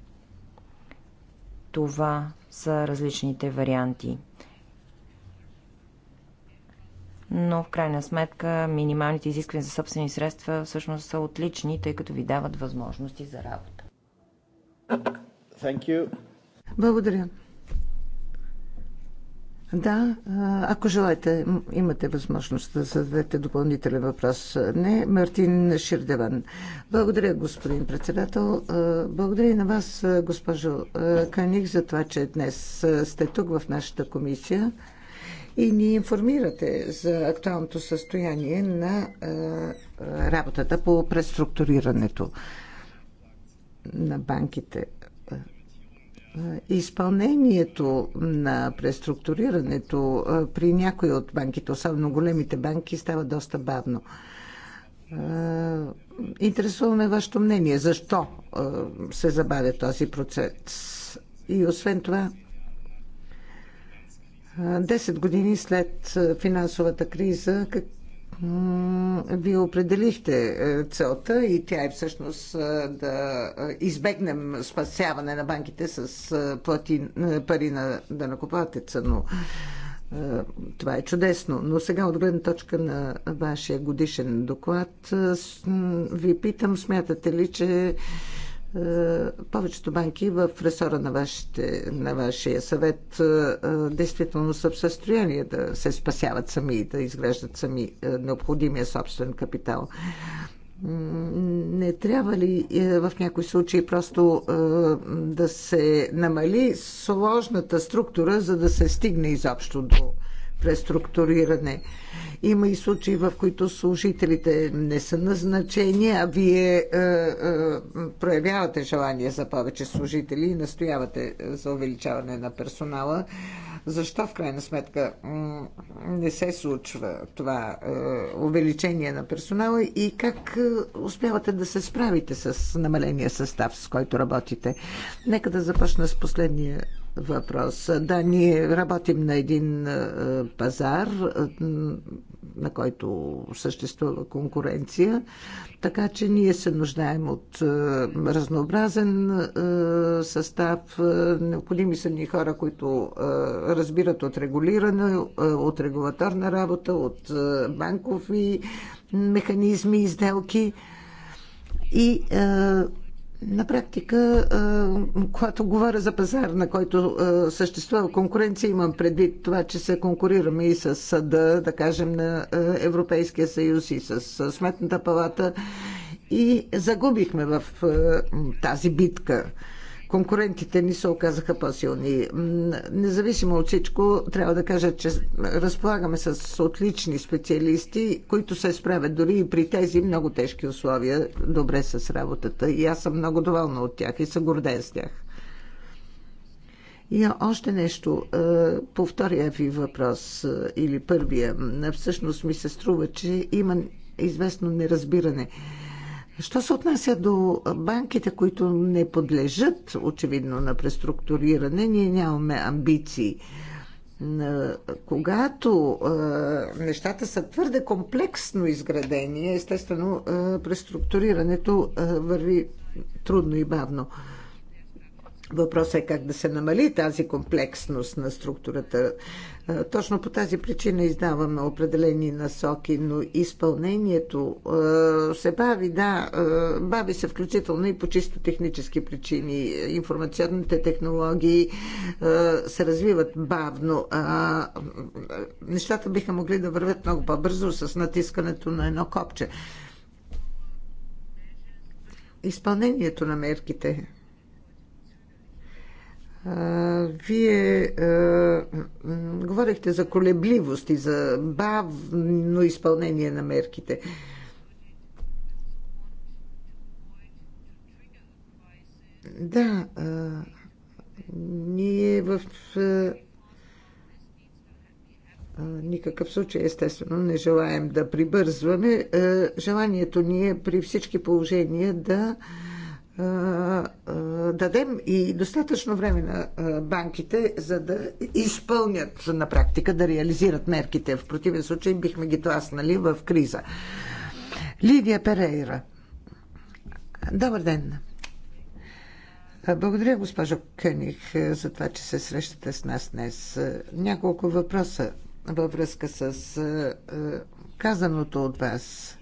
това са различните варианти. Но в крайна сметка минималните изисквания за собствени средства всъщност са отлични, тъй като ви дават възможности за работа. Thank you. Благодаря. Да, ако желаете, имате възможност да зададете допълнителен въпрос. Не, Мартин Ширдеван. Благодаря, господин председател. Благодаря и на вас, госпожо Каник, за това, че днес сте тук в нашата комисия и ни информирате за актуалното състояние на работата по преструктурирането на банките. Изпълнението на преструктурирането при някои от банките, особено големите банки, става доста бавно. Интересуваме вашето мнение. Защо се забавя този процес? И освен това, 10 години след финансовата криза, ви определихте е, целта и тя е всъщност е, да е, избегнем спасяване на банките с плати, пари на данакоплатеца, но това е чудесно. Но сега от гледна точка на вашия годишен доклад ви питам, смятате ли, че е, повечето банки в ресора на, вашите, на вашия съвет е, действително са в състояние да се спасяват сами и да изграждат сами е, необходимия собствен капитал. Не трябва ли в някои случаи просто да се намали сложната структура, за да се стигне изобщо до преструктуриране? Има и случаи, в които служителите не са назначени, а вие е, е, проявявате желание за повече служители и настоявате е, за увеличаване на персонала. Защо в крайна сметка не се случва това е, увеличение на персонала и как е, успявате да се справите с намаления състав, с който работите? Нека да започна с последния въпрос. Да, ние работим на един е, пазар, е, на който съществува конкуренция, така че ние се нуждаем от е, разнообразен състав. Необходими са ни хора, които разбират от регулиране, от регулаторна работа, от банкови механизми, изделки. И на практика, е, когато говоря за пазар, на който е, съществува конкуренция, имам предвид това, че се конкурираме и с съда, да кажем, на е, Европейския съюз и с Сметната палата. И загубихме в тази битка конкурентите ни се оказаха по-силни. Независимо от всичко, трябва да кажа, че разполагаме с отлични специалисти, които се справят дори и при тези много тежки условия добре с работата. И аз съм много доволна от тях и съм горден с тях. И още нещо. Е, по втория ви въпрос е, или първия, всъщност ми се струва, че има известно неразбиране. Що се отнася до банките, които не подлежат очевидно на преструктуриране, ние нямаме амбиции. Когато нещата са твърде комплексно изградени, естествено преструктурирането върви трудно и бавно. Въпросът е как да се намали тази комплексност на структурата. Точно по тази причина издаваме определени насоки, но изпълнението се бави, да, бави се включително и по чисто технически причини. Информационните технологии се развиват бавно. нещата биха могли да вървят много по-бързо с натискането на едно копче. Изпълнението на мерките вие говорихте за колебливост и за бавно изпълнение на мерките. Да, ние в никакъв случай, естествено, не желаем да прибързваме. желанието ни е при всички положения да дадем и достатъчно време на банките, за да изпълнят на практика, да реализират мерките. В противен случай бихме ги тласнали в криза. Лидия Перейра. Добър ден. Благодаря, госпожо Къних, за това, че се срещате с нас днес. Няколко въпроса във връзка с казаното от вас.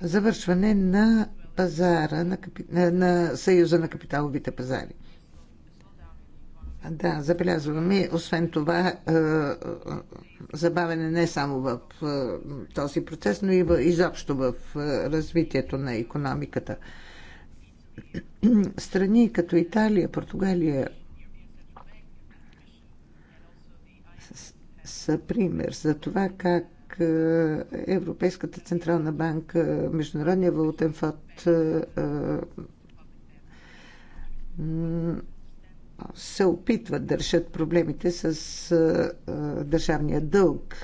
Завършване на пазара на, капи... на Съюза на капиталовите пазари. Да, забелязваме. Освен това, е, е, забавене не само в е, този процес, но и в, изобщо в развитието на економиката. Страни като Италия, Португалия са пример за това как банка, Европейската централна банка, Международния валутен фонд е, е, се опитват да решат проблемите с е, държавния дълг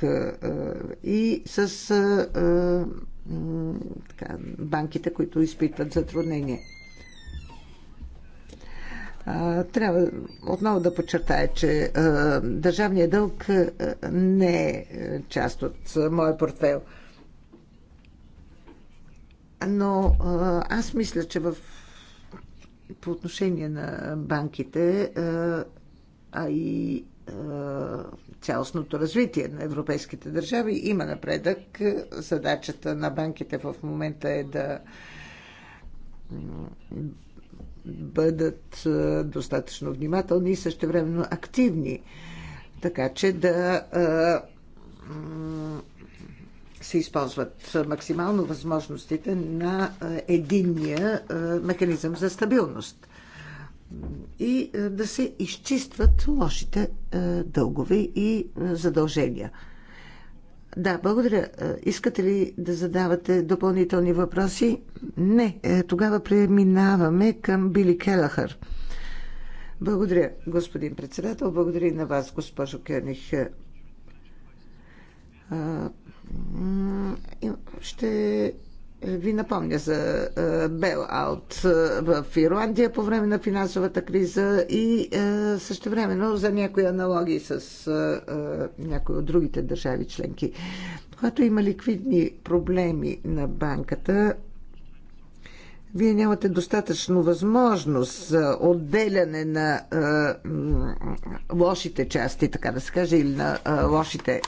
и с банките, които изпитват затруднения. Трябва отново да подчертая, че държавният дълг не е част от моя портфел. Но аз мисля, че в, по отношение на банките, а и цялостното развитие на европейските държави има напредък. Задачата на банките в момента е да бъдат достатъчно внимателни и същевременно активни, така че да се използват максимално възможностите на единния механизъм за стабилност и да се изчистват лошите дългове и задължения. Да, благодаря. Е, искате ли да задавате допълнителни въпроси? Не. Е, тогава преминаваме към Били Келахър. Благодаря, господин председател. Благодаря и на вас, госпожо Кених. Е, ще ви напомня за Белаут е, в Ирландия по време на финансовата криза и е, същевременно за някои аналогии с е, някои от другите държави членки. Когато има ликвидни проблеми на банката, вие нямате достатъчно възможност за отделяне на лошите части, така да се каже, или на лошите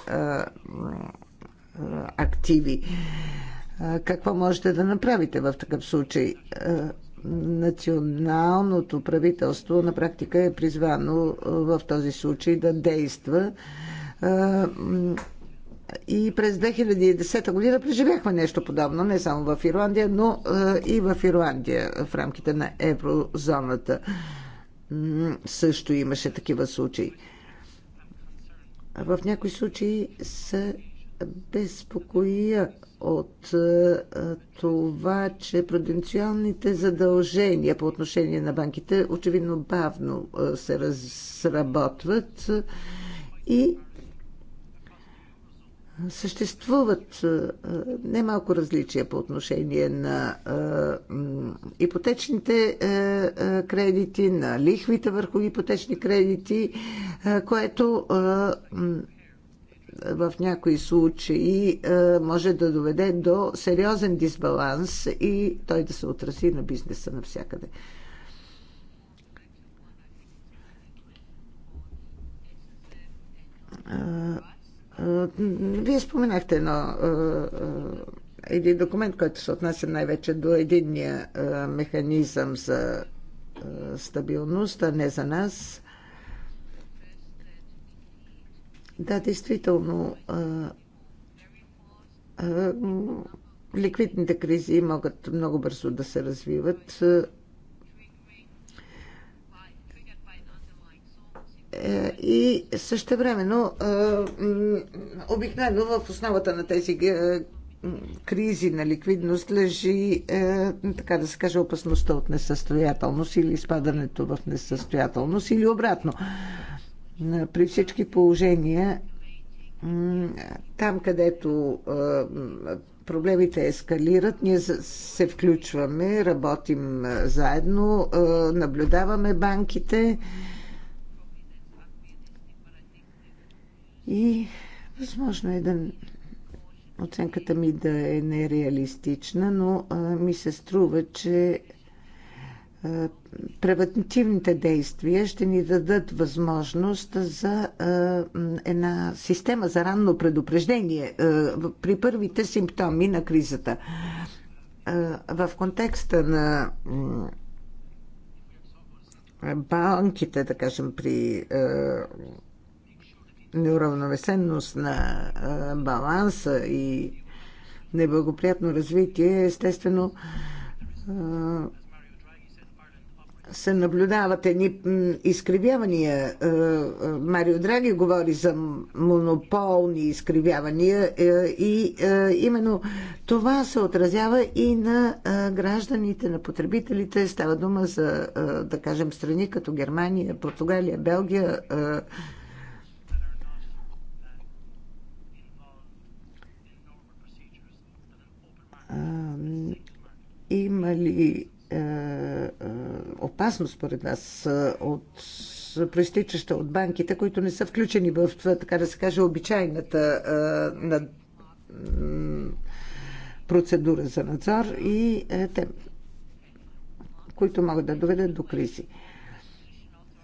активи. Какво можете да направите в такъв случай? Националното правителство на практика е призвано в този случай да действа. И през 2010 година преживяхме нещо подобно, не само в Ирландия, но и в Ирландия в рамките на еврозоната. Също имаше такива случаи. В някои случаи са безпокоя от е, това, че пруденциалните задължения по отношение на банките очевидно бавно е, се разработват е, и Съществуват немалко различия по отношение на ипотечните кредити, на лихвите върху ипотечни кредити, което в някои случаи е, може да доведе до сериозен дисбаланс и той да се отрази на бизнеса навсякъде. Е, е, вие споменахте едно, един документ, който се отнася най-вече до единния механизъм за стабилност, а не за нас. Да, действително. Ликвидните кризи могат много бързо да се развиват. И също времено, обикновено в основата на тези кризи на ликвидност лежи, така да се каже, опасността от несъстоятелност или изпадането в несъстоятелност или обратно при всички положения, там където проблемите ескалират, ние се включваме, работим заедно, наблюдаваме банките и възможно е да оценката ми да е нереалистична, но ми се струва, че е, превентивните действия ще ни дадат възможност за е, една система за ранно предупреждение е, при първите симптоми на кризата. В контекста на банките, да кажем, при неуравновесенност на баланса и неблагоприятно развитие, естествено се наблюдават едни изкривявания. Е, е, Марио Драги говори за монополни изкривявания е, и именно това се отразява и на гражданите, на потребителите. Става дума за, да кажем, страни като Германия, Португалия, Белгия. Има ли е, е, опасност, според вас, е, от проистичаща от банките, които не са включени в, така да се каже, обичайната на, процедура за надзор и те, които могат да доведат до кризи.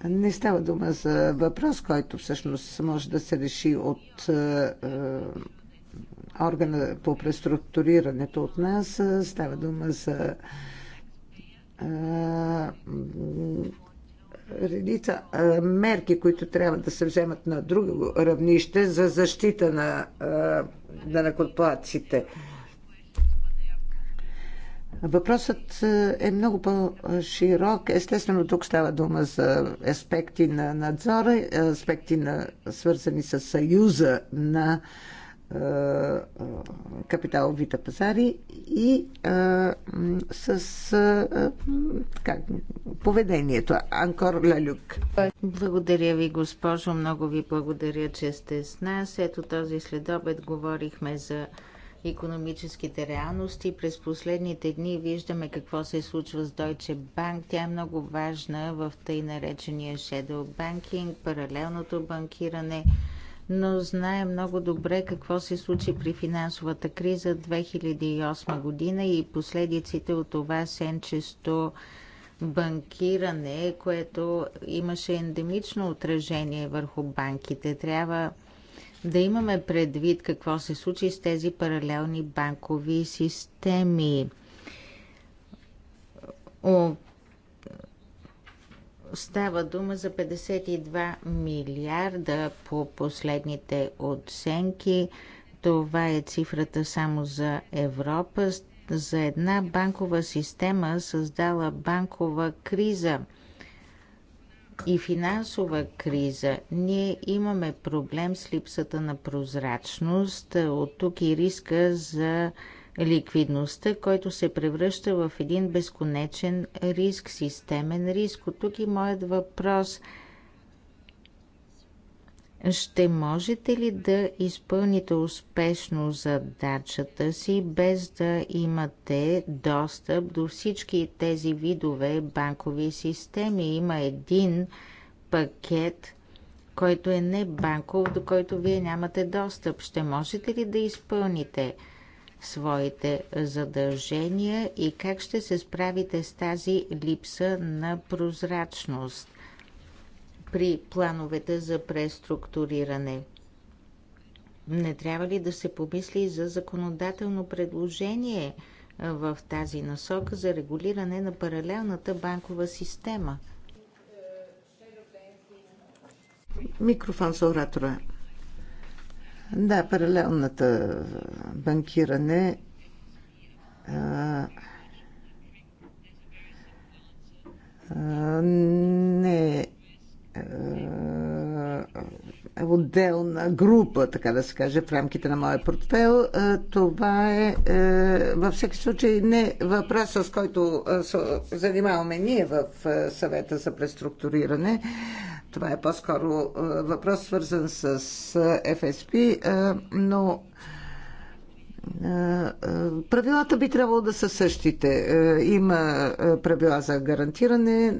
Не става дума за въпрос, който всъщност може да се реши от е, органа по преструктурирането от нас. Става дума за е, редица мерки, които трябва да се вземат на друго равнище за защита на данакоплаците. Въпросът е много по-широк. Естествено, тук става дума за аспекти на надзора, аспекти на, свързани с съюза на е, капиталовите пазари и е, с е, така, поведението. Анкор Лалюк. Благодаря ви, госпожо. Много ви благодаря, че сте с нас. Ето този следобед говорихме за економическите реалности. През последните дни виждаме какво се случва с Deutsche Bank. Тя е много важна в тъй наречения shadow banking, паралелното банкиране – но знае много добре какво се случи при финансовата криза 2008 година и последиците от това сенчесто банкиране, което имаше ендемично отражение върху банките. Трябва да имаме предвид какво се случи с тези паралелни банкови системи. Става дума за 52 милиарда по последните оценки. Това е цифрата само за Европа, за една банкова система, създала банкова криза и финансова криза. Ние имаме проблем с липсата на прозрачност, от тук и риска за ликвидността, който се превръща в един безконечен риск, системен риск. От тук и моят въпрос. Ще можете ли да изпълните успешно задачата си, без да имате достъп до всички тези видове банкови системи? Има един пакет – който е не банков, до който вие нямате достъп. Ще можете ли да изпълните своите задължения и как ще се справите с тази липса на прозрачност при плановете за преструктуриране? Не трябва ли да се помисли за законодателно предложение в тази насока за регулиране на паралелната банкова система? Микрофон за оратора. Да, паралелната банкиране а, а, не е отделна група, така да се каже, в рамките на моя портфел. Това е, е във всеки случай не въпрос, с който занимаваме ние в съвета за преструктуриране. Това е по-скоро е, въпрос свързан с ФСП, е, е, но Правилата би трябвало да са същите. Има правила за гарантиране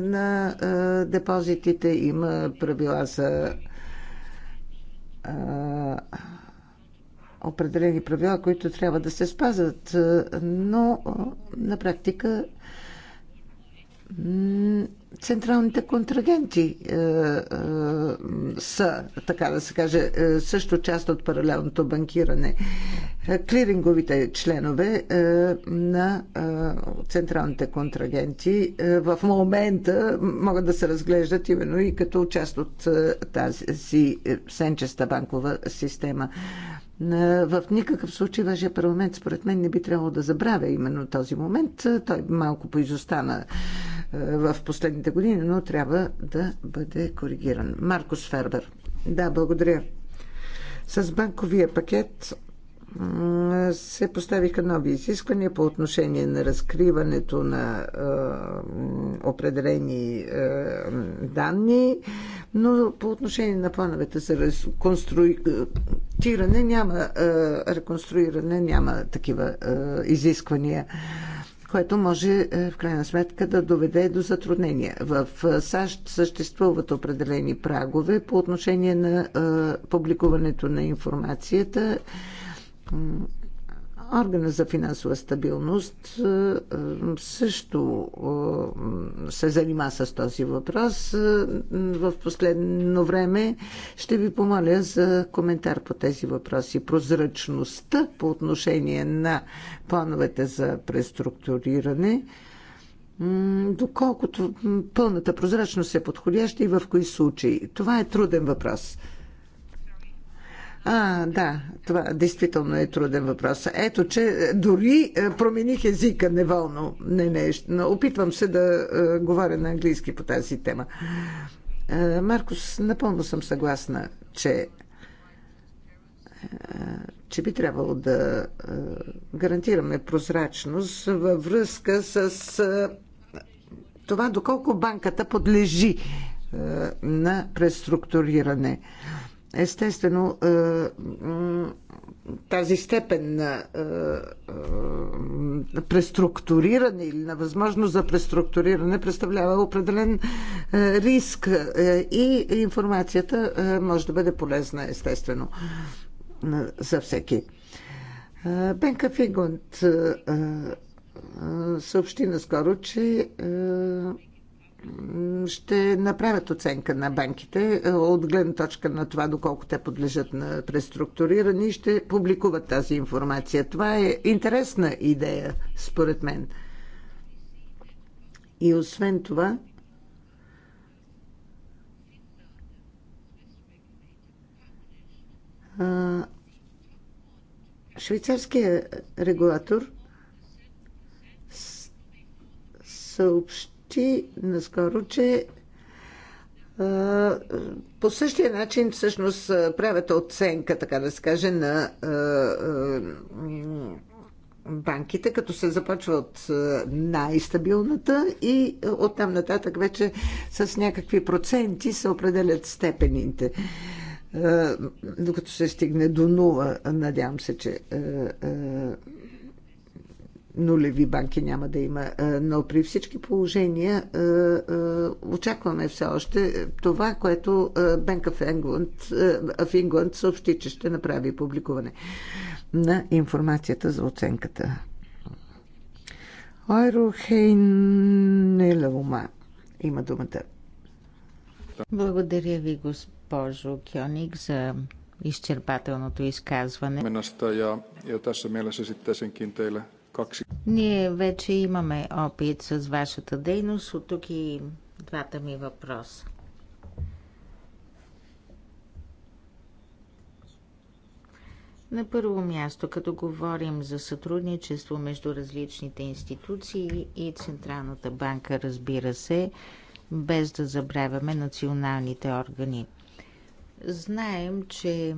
на депозитите, има правила за определени правила, които трябва да се спазват, но на практика централните контрагенти е, е, са, така да се каже, е, също част от паралелното банкиране. Е, клиринговите членове е, на е, централните контрагенти е, в момента могат да се разглеждат именно и като част от е, тази е, сенчеста банкова система. В никакъв случай вашия парламент, според мен, не би трябвало да забравя именно този момент. Той малко поизостана е, в последните години, но трябва да бъде коригиран. Маркус Фербер. Да, благодаря. С банковия пакет се поставиха нови изисквания по отношение на разкриването на е, определени е, данни, но по отношение на плановете за реконструиране няма, е, реконструиране няма такива е, изисквания което може в крайна сметка да доведе до затруднения. В САЩ съществуват определени прагове по отношение на публикуването на информацията Органа за финансова стабилност е, също е, се занима с този въпрос. Е, в последно време ще ви помоля за коментар по тези въпроси. Прозрачността по отношение на плановете за преструктуриране, доколкото пълната прозрачност е подходяща и в кои случаи. Това е труден въпрос. А, да, това действително е труден въпрос. Ето, че е, дори е, промених езика неволно. Не, не, но опитвам се да е, говоря на английски по тази тема. Маркус, напълно съм съгласна, че че би трябвало да гарантираме прозрачност във връзка с това доколко банката подлежи на преструктуриране. Естествено, е, тази степен е, е, на преструктуриране или на възможност за преструктуриране представлява определен риск и информацията може да бъде полезна, естествено, за всеки. Бенка Фигунд съобщи наскоро, че ще направят оценка на банките е, от гледна точка на това доколко те подлежат на преструктуриране и ще публикуват тази информация. Това е интересна идея, според мен. И освен това, швейцарския регулатор съобщи, съобщи наскоро, че по същия начин всъщност правят оценка, така да се каже, на банките, като се започва от най-стабилната и оттам нататък вече с някакви проценти се определят степените. Докато се стигне до нула, надявам се, че нулеви банки няма да има. Е, но при всички положения е, е, очакваме все още това, което Bank of England, of England съобщи, че ще направи публикуване на информацията за оценката. Ойро Хейнелаума има думата. Благодаря ви, госпожо Кьоник, за изчерпателното изказване. Ja tässä mielessä teille ние вече имаме опит с вашата дейност, от тук и двата ми въпроса. На първо място, като говорим за сътрудничество между различните институции и Централната банка, разбира се, без да забравяме националните органи. Знаем, че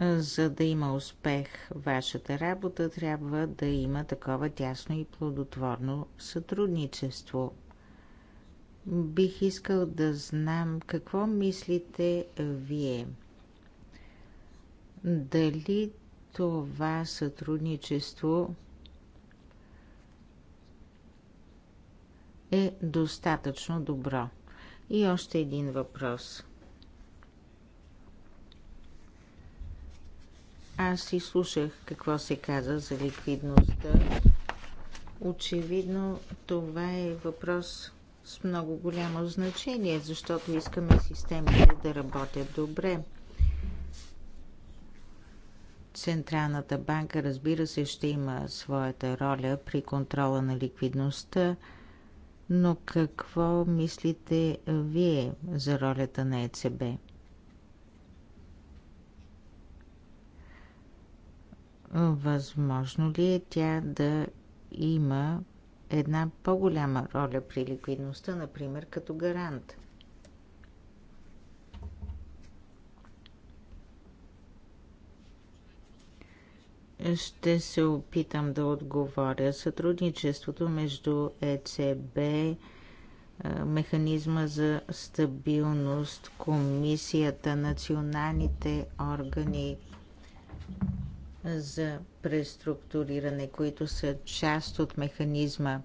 за да има успех вашата работа, трябва да има такова тясно и плодотворно сътрудничество. Бих искал да знам какво мислите вие. Дали това сътрудничество е достатъчно добро? И още един въпрос – Аз слушах какво се каза за ликвидността. Очевидно това е въпрос с много голямо значение, защото искаме системите да работят добре. Централната банка, разбира се, ще има своята роля при контрола на ликвидността, но какво мислите вие за ролята на ЕЦБ? Възможно ли е тя да има една по-голяма роля при ликвидността, например като гарант? Ще се опитам да отговоря. Сътрудничеството между ЕЦБ, механизма за стабилност, комисията, националните органи за преструктуриране, които са част от механизма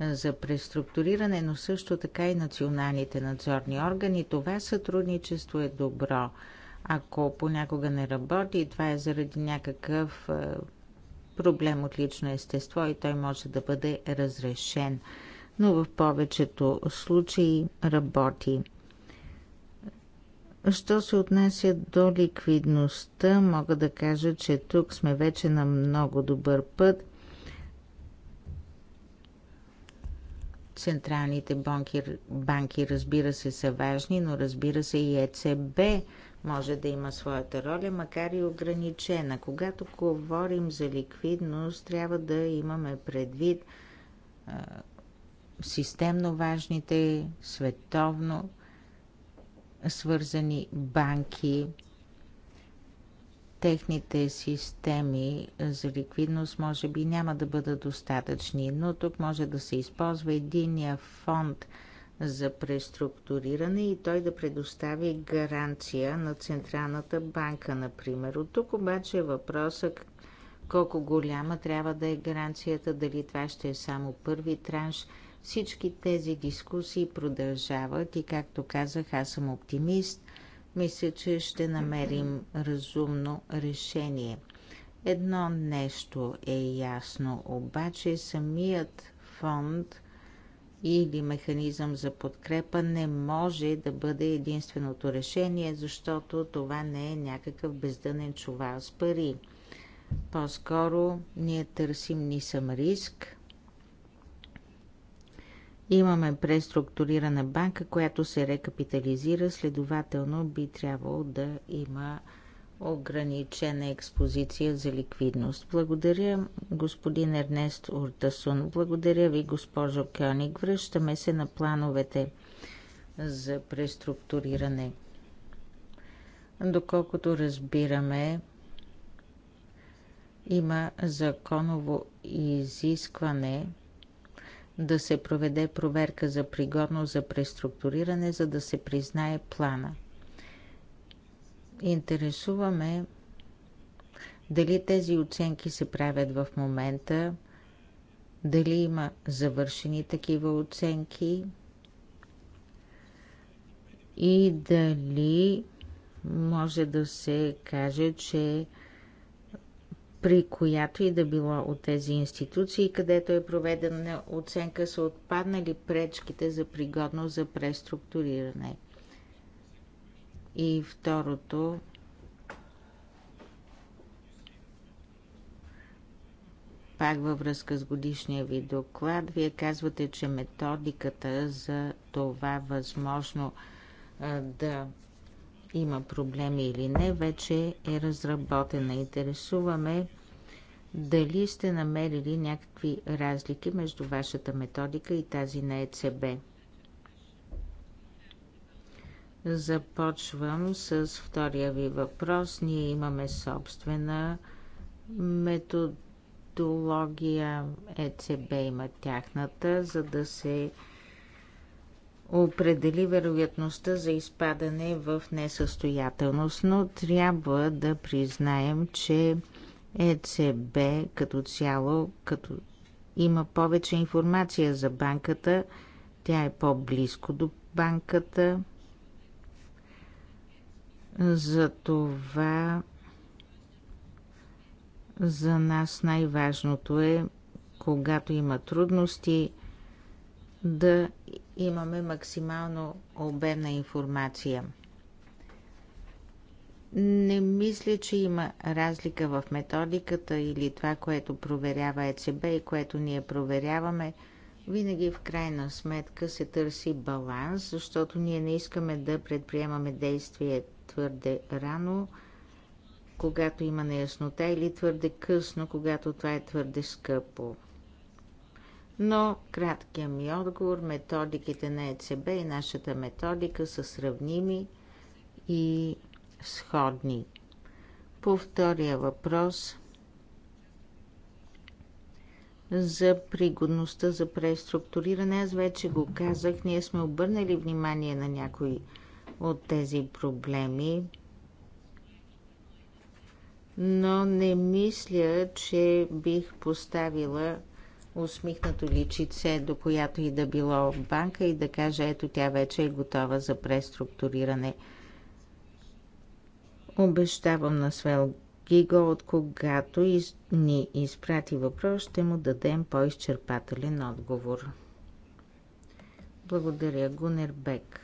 за преструктуриране, но също така и националните надзорни органи. Това сътрудничество е добро. Ако понякога не работи, това е заради някакъв проблем от лично естество и той може да бъде разрешен. Но в повечето случаи работи. Що се отнася до ликвидността, мога да кажа, че тук сме вече на много добър път. Централните банки, банки разбира се, са важни, но разбира се и ЕЦБ може да има своята роля, макар и ограничена. Когато говорим за ликвидност, трябва да имаме предвид а, системно важните, световно важните, свързани банки, техните системи за ликвидност може би няма да бъдат достатъчни, но тук може да се използва единия фонд за преструктуриране и той да предостави гаранция на Централната банка, например. От тук обаче е въпросът колко голяма трябва да е гаранцията, дали това ще е само първи транш – всички тези дискусии продължават и, както казах, аз съм оптимист. Мисля, че ще намерим разумно решение. Едно нещо е ясно, обаче самият фонд или механизъм за подкрепа не може да бъде единственото решение, защото това не е някакъв бездънен чувал с пари. По-скоро ние търсим нисъм риск, Имаме преструктурирана банка, която се рекапитализира, следователно би трябвало да има ограничена експозиция за ликвидност. Благодаря, господин Ернест Уртасун. Благодаря ви, госпожо Кьоник. Връщаме се на плановете за преструктуриране. Доколкото разбираме, има законово изискване – да се проведе проверка за пригодност за преструктуриране, за да се признае плана. Интересуваме дали тези оценки се правят в момента, дали има завършени такива оценки и дали може да се каже, че при която и да било от тези институции, където е проведена оценка, са отпаднали пречките за пригодност за преструктуриране. И второто пак във връзка с годишния ви доклад, вие казвате, че методиката за това възможно да има проблеми или не, вече е разработена. Интересуваме дали сте намерили някакви разлики между вашата методика и тази на ЕЦБ. Започвам с втория ви въпрос. Ние имаме собствена методология, ЕЦБ има тяхната, за да се определи вероятността за изпадане в несъстоятелност, но трябва да признаем, че ЕЦБ като цяло като има повече информация за банката, тя е по-близко до банката. Затова за нас най-важното е, когато има трудности, да имаме максимално обемна информация. Не мисля, че има разлика в методиката или това, което проверява ЕЦБ и което ние проверяваме. Винаги в крайна сметка се търси баланс, защото ние не искаме да предприемаме действие твърде рано, когато има неяснота или твърде късно, когато това е твърде скъпо но краткият ми отговор, методиките на ЕЦБ и нашата методика са сравними и сходни. По втория въпрос за пригодността за преструктуриране, аз вече го казах, ние сме обърнали внимание на някои от тези проблеми, но не мисля, че бих поставила усмихнато личице, до която и да било банка и да каже, ето тя вече е готова за преструктуриране. Обещавам на Свел Гиго, от когато из... ни изпрати въпрос, ще му дадем по-изчерпателен отговор. Благодаря, Гунер Бек.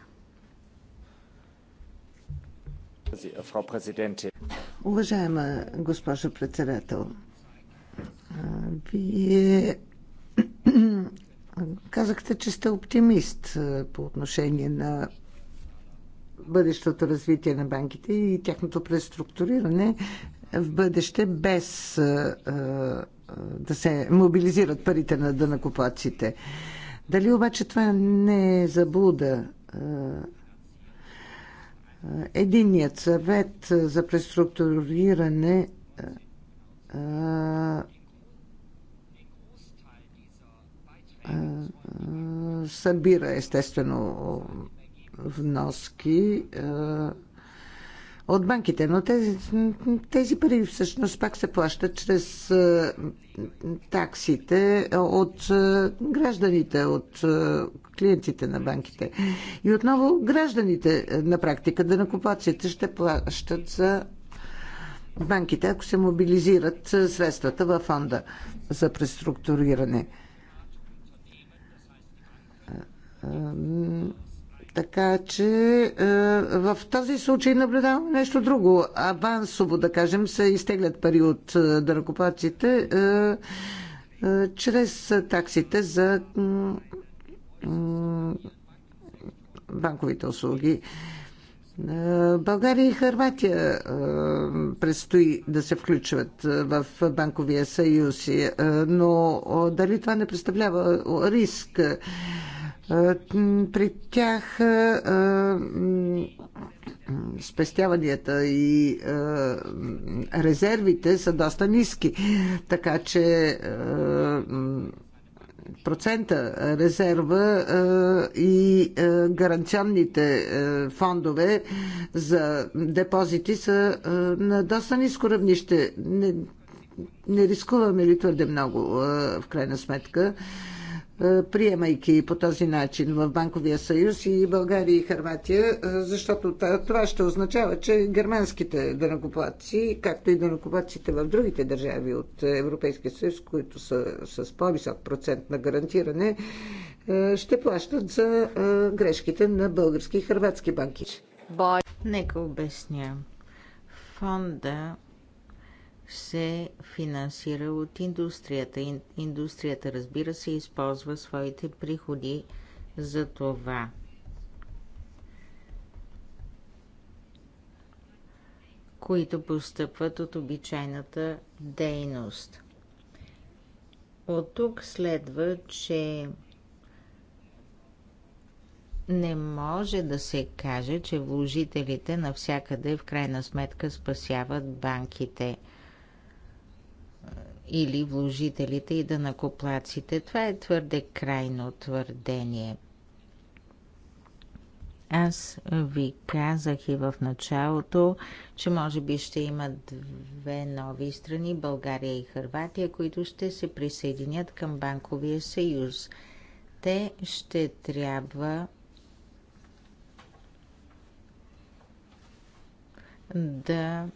Уважаема госпожо председател, вие Казахте, че сте оптимист по отношение на бъдещото развитие на банките и тяхното преструктуриране в бъдеще без да се мобилизират парите на дънакоплаците. Дали обаче това не е заблуда? Единият съвет за преструктуриране събира естествено вноски е, от банките, но тези, тези пари всъщност пак се плащат чрез е, таксите от е, гражданите, от клиентите на банките. И отново гражданите на практика, да накопаците ще плащат за банките, ако се мобилизират средствата във фонда за преструктуриране. Така че е, в този случай наблюдавам нещо друго. Авансово, да кажем, се изтеглят пари от е, дъркопаците е, чрез таксите за банковите услуги. България и Харватия предстои да се включват в банковия съюз, но дали това не представлява риск? Е, при тях е, е, спестяванията и резервите са доста ниски, така че процента резерва и гаранционните фондове за депозити са на доста ниско равнище. Не, не рискуваме ли твърде много в крайна сметка? Е, приемайки по този начин в Банковия съюз и България и Харватия, е, защото това ще означава, че германските дънакоплатци, както и дънакоплатците в другите държави от Европейския съюз, които са с по-висок процент на гарантиране, е, ще плащат за грешките на български и харватски банки. Нека обясня. Фонда се финансира от индустрията. Индустрията, разбира се, използва своите приходи за това. които постъпват от обичайната дейност. От тук следва, че не може да се каже, че вложителите навсякъде в крайна сметка спасяват банките – или вложителите и данакоплаците. Това е твърде крайно твърдение. Аз ви казах и в началото, че може би ще има две нови страни, България и Хърватия, които ще се присъединят към Банковия съюз. Те ще трябва да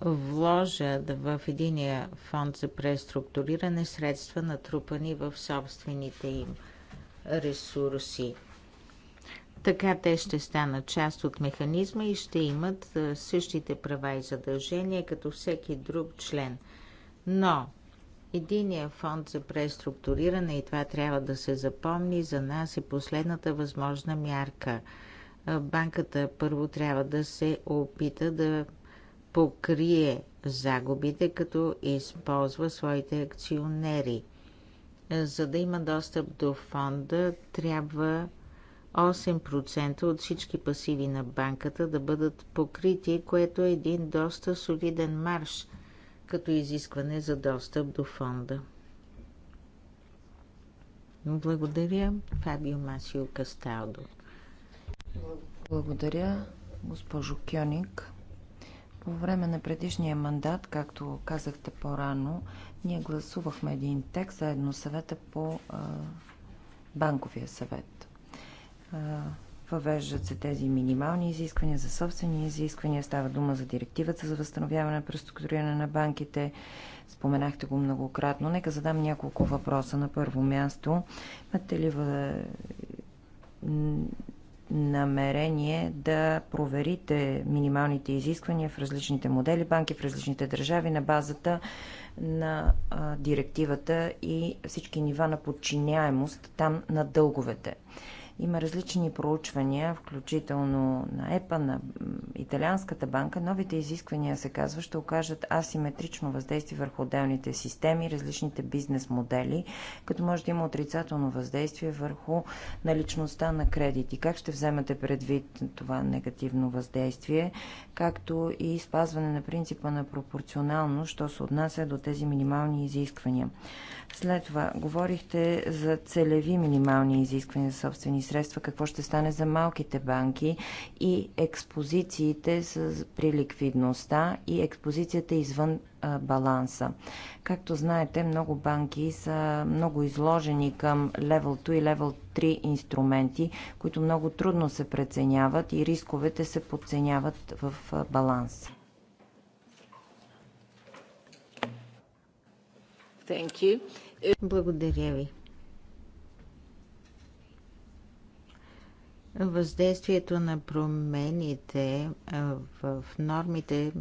вложат в единия фонд за преструктуриране средства натрупани в собствените им ресурси. Така те ще станат част от механизма и ще имат същите права и задължения като всеки друг член. Но единия фонд за преструктуриране и това трябва да се запомни за нас е последната възможна мярка. Банката първо трябва да се опита да покрие загубите, като използва своите акционери. За да има достъп до фонда, трябва 8% от всички пасиви на банката да бъдат покрити, което е един доста солиден марш като изискване за достъп до фонда. Благодаря, Фабио Масио Касталдо. Благодаря, госпожо Кьоник. По време на предишния мандат, както казахте по-рано, ние гласувахме един текст заедно съвета по а, банковия съвет. А, въвеждат се тези минимални изисквания за собствени изисквания. Става дума за директивата за възстановяване на преструктуриране на банките. Споменахте го многократно. Нека задам няколко въпроса. На първо място, имате ли намерение да проверите минималните изисквания в различните модели банки, в различните държави на базата на директивата и всички нива на подчиняемост там на дълговете. Има различни проучвания, включително на ЕПА, на Италианската банка. Новите изисквания, се казва, ще окажат асиметрично въздействие върху отделните системи, различните бизнес модели, като може да има отрицателно въздействие върху наличността на кредити. Как ще вземете предвид това негативно въздействие, както и спазване на принципа на пропорционалност, що се отнася до тези минимални изисквания? След това говорихте за целеви минимални изисквания за собствени средства, какво ще стане за малките банки и експозициите с, при ликвидността и експозицията извън а, баланса. Както знаете, много банки са много изложени към Level 2 и Level 3 инструменти, които много трудно се преценяват и рисковете се подценяват в you. Благодаря ви. Въздействието на промените в нормите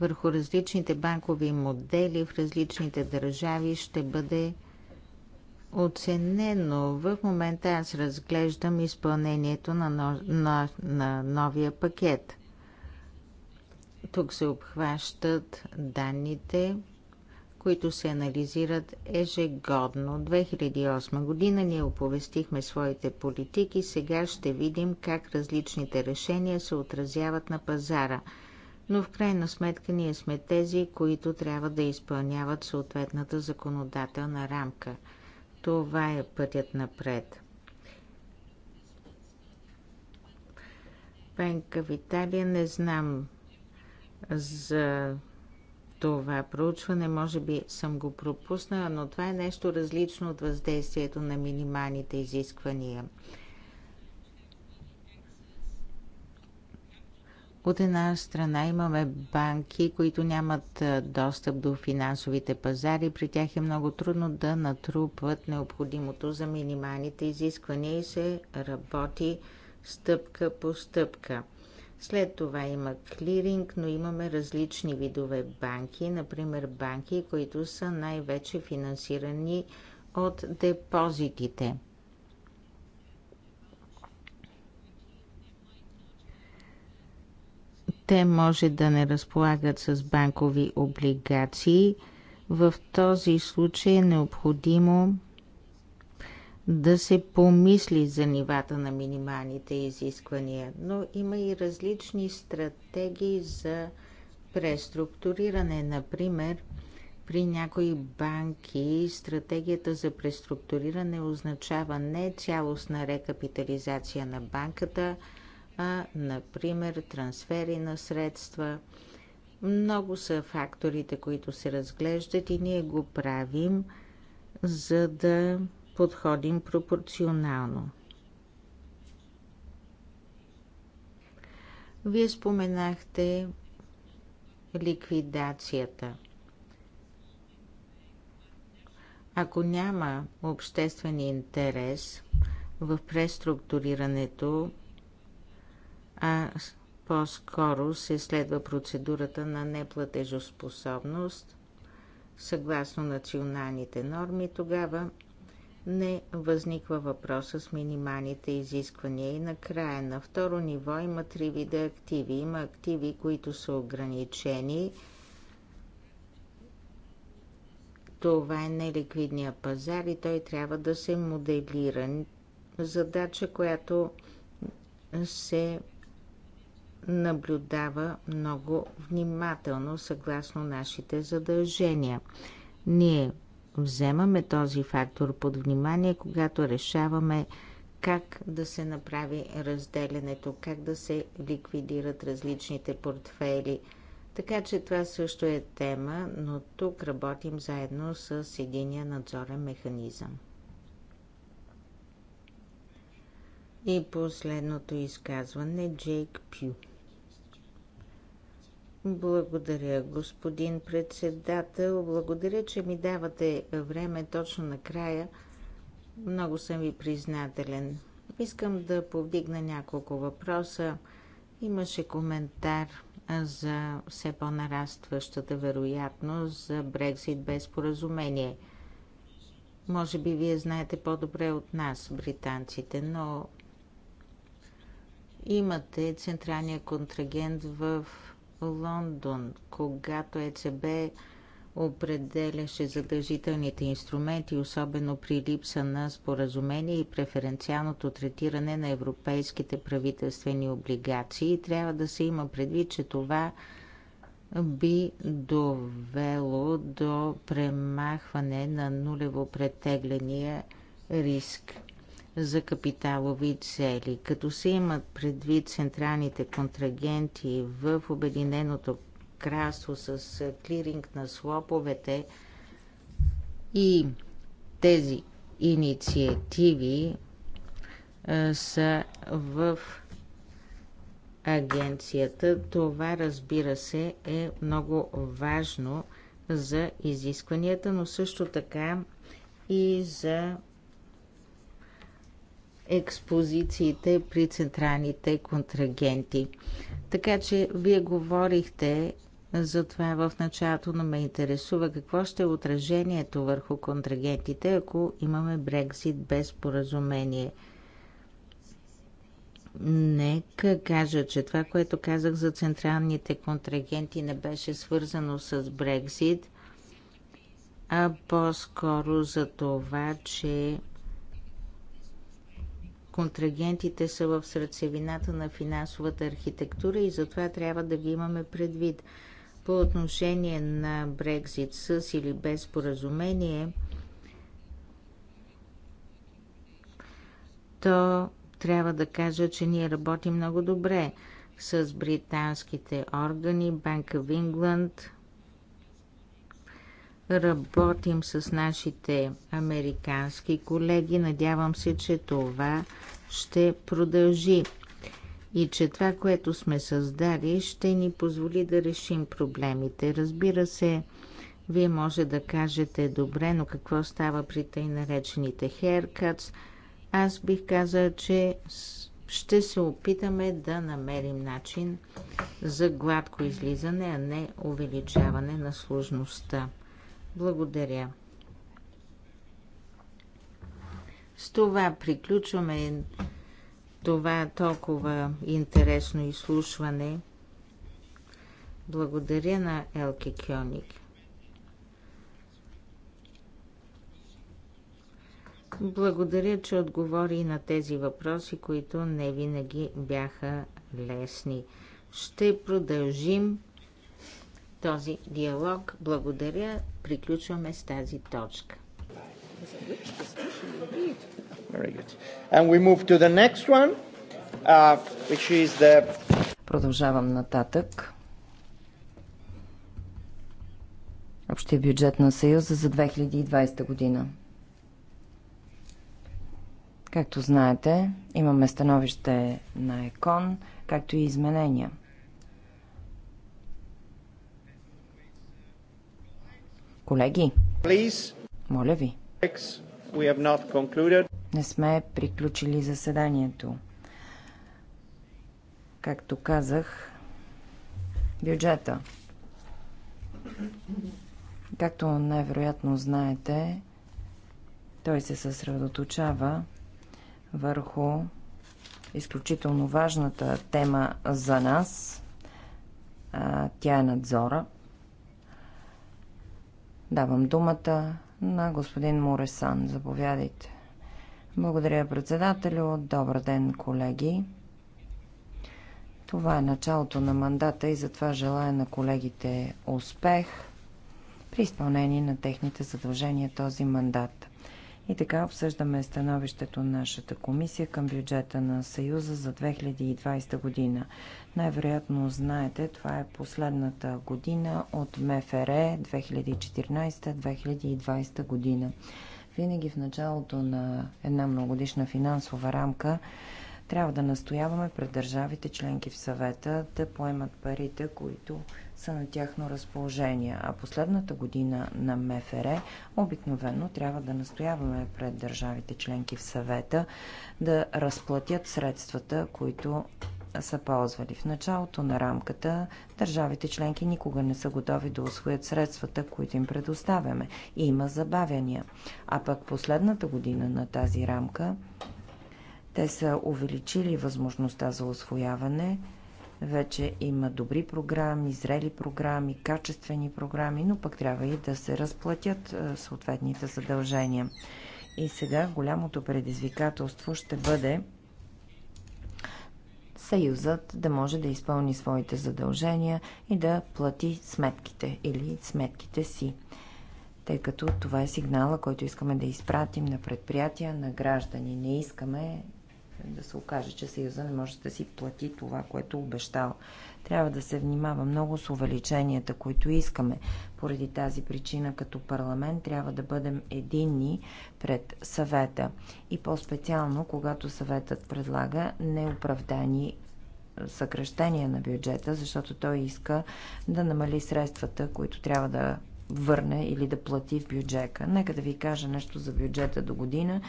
върху различните банкови модели в различните държави ще бъде оценено. В момента аз разглеждам изпълнението на, но, на, на новия пакет. Тук се обхващат данните, които се анализират ежегодно. 2008 година ние оповестихме своите политики, сега ще видим как различните решения се отразяват на пазара. Но в крайна сметка ние сме тези, които трябва да изпълняват съответната законодателна рамка. Това е пътят напред. Пенка Виталия, не знам за това проучване, може би съм го пропуснала, но това е нещо различно от въздействието на минималните изисквания. От една страна имаме банки, които нямат достъп до финансовите пазари. При тях е много трудно да натрупват необходимото за минималните изисквания и се работи стъпка по стъпка. След това има клиринг, но имаме различни видове банки, например банки, които са най-вече финансирани от депозитите. Те може да не разполагат с банкови облигации. В този случай е необходимо да се помисли за нивата на минималните изисквания, но има и различни стратегии за преструктуриране. Например, при някои банки стратегията за преструктуриране означава не цялостна рекапитализация на банката, а, например, трансфери на средства. Много са факторите, които се разглеждат и ние го правим, за да подходим пропорционално. Вие споменахте ликвидацията. Ако няма обществен интерес в преструктурирането, а по-скоро се следва процедурата на неплатежоспособност, съгласно националните норми, тогава не възниква въпроса с минималните изисквания. И накрая, на второ ниво има три вида активи. Има активи, които са ограничени. Това е неликвидния пазар и той трябва да се моделира. Задача, която се наблюдава много внимателно съгласно нашите задължения. Ние вземаме този фактор под внимание, когато решаваме как да се направи разделянето, как да се ликвидират различните портфели. Така че това също е тема, но тук работим заедно с единия надзорен механизъм. И последното изказване Джейк Пю. Благодаря, господин председател. Благодаря, че ми давате време точно накрая. Много съм ви признателен. Искам да повдигна няколко въпроса. Имаше коментар за все по-нарастващата вероятност за Брекзит без споразумение. Може би вие знаете по-добре от нас, британците, но имате централния контрагент в Лондон, когато ЕЦБ определяше задължителните инструменти, особено при липса на споразумение и преференциалното третиране на европейските правителствени облигации. Трябва да се има предвид, че това би довело до премахване на нулево претегления риск за капиталови цели. Като се имат предвид централните контрагенти в Обединеното кралство с клиринг на слоповете и тези инициативи са в агенцията. Това, разбира се, е много важно за изискванията, но също така и за експозициите при централните контрагенти. Така че вие говорихте за това в началото, но ме интересува какво ще е отражението върху контрагентите, ако имаме Брекзит без поразумение. Нека кажа, че това, което казах за централните контрагенти не беше свързано с Брекзит, а по-скоро за това, че контрагентите са в сърцевината на финансовата архитектура и затова трябва да ги имаме предвид. По отношение на Брекзит с или без споразумение, то трябва да кажа, че ние работим много добре с британските органи, Банка в Ингланд, Работим с нашите американски колеги. Надявам се, че това ще продължи и че това, което сме създали, ще ни позволи да решим проблемите. Разбира се, вие може да кажете, добре, но какво става при тъй наречените haircuts? Аз бих казала, че ще се опитаме да намерим начин за гладко излизане, а не увеличаване на сложността. Благодаря. С това приключваме това толкова интересно изслушване. Благодаря на Елке Кьоник. Благодаря, че отговори на тези въпроси, които не винаги бяха лесни. Ще продължим този диалог. Благодаря. Приключваме с тази точка. Uh, Продължавам нататък. Общия бюджет на Съюза за 2020 година. Както знаете, имаме становище на ЕКОН, както и изменения – Колеги, Please. моля ви. Не сме приключили заседанието. Както казах, бюджета. Както най-вероятно знаете, той се съсредоточава върху изключително важната тема за нас. Тя е надзора – Давам думата на господин Моресан. Заповядайте. Благодаря, председателю. Добър ден, колеги. Това е началото на мандата и затова желая на колегите успех при изпълнение на техните задължения този мандат. И така обсъждаме становището на нашата комисия към бюджета на Съюза за 2020 година. Най-вероятно знаете, това е последната година от МФР 2014-2020 е година. Винаги в началото на една многогодишна финансова рамка трябва да настояваме пред държавите членки в съвета да поемат парите, които са на тяхно разположение, а последната година на МФР обикновено трябва да настояваме пред държавите членки в съвета да разплатят средствата, които са ползвали. В началото на рамката държавите членки никога не са готови да освоят средствата, които им предоставяме. И има забавяния. А пък последната година на тази рамка те са увеличили възможността за освояване – вече има добри програми, зрели програми, качествени програми, но пък трябва и да се разплатят е, съответните задължения. И сега голямото предизвикателство ще бъде Съюзът да може да изпълни своите задължения и да плати сметките или сметките си. Тъй като това е сигнала, който искаме да изпратим на предприятия, на граждани. Не искаме да се окаже, че Съюза не може да си плати това, което е обещал. Трябва да се внимава много с увеличенията, които искаме. Поради тази причина, като парламент, трябва да бъдем единни пред съвета. И по-специално, когато съветът предлага неоправдани съкръщения на бюджета, защото той иска да намали средствата, които трябва да върне или да плати в бюджета. Нека да ви кажа нещо за бюджета до година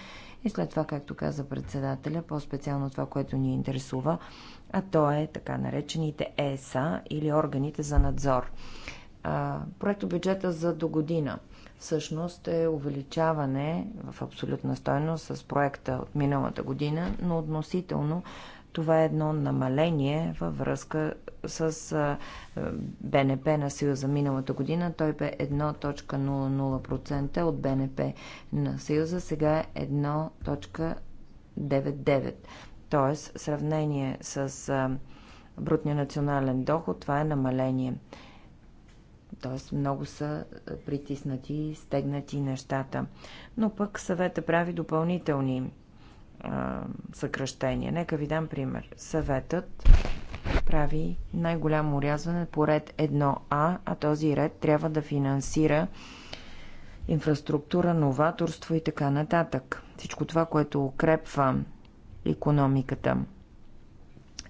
и след това, както каза председателя, по-специално това, което ни интересува, а то е така наречените ЕСА или органите за надзор. Проекто бюджета за до година всъщност е увеличаване в абсолютна стойност с проекта от миналата година, но относително това е едно намаление във връзка с е, БНП на Съюза миналата година. Той бе 1.00% от БНП на Съюза, сега е 1.99%. Тоест, сравнение с брутния национален доход, това е намаление. Тоест много са притиснати, и стегнати нещата. Но пък съвета прави допълнителни съкръщения. Нека ви дам пример. Съветът прави най-голямо урязване по ред 1А, а този ред трябва да финансира инфраструктура, новаторство и така нататък. Всичко това, което укрепва економиката.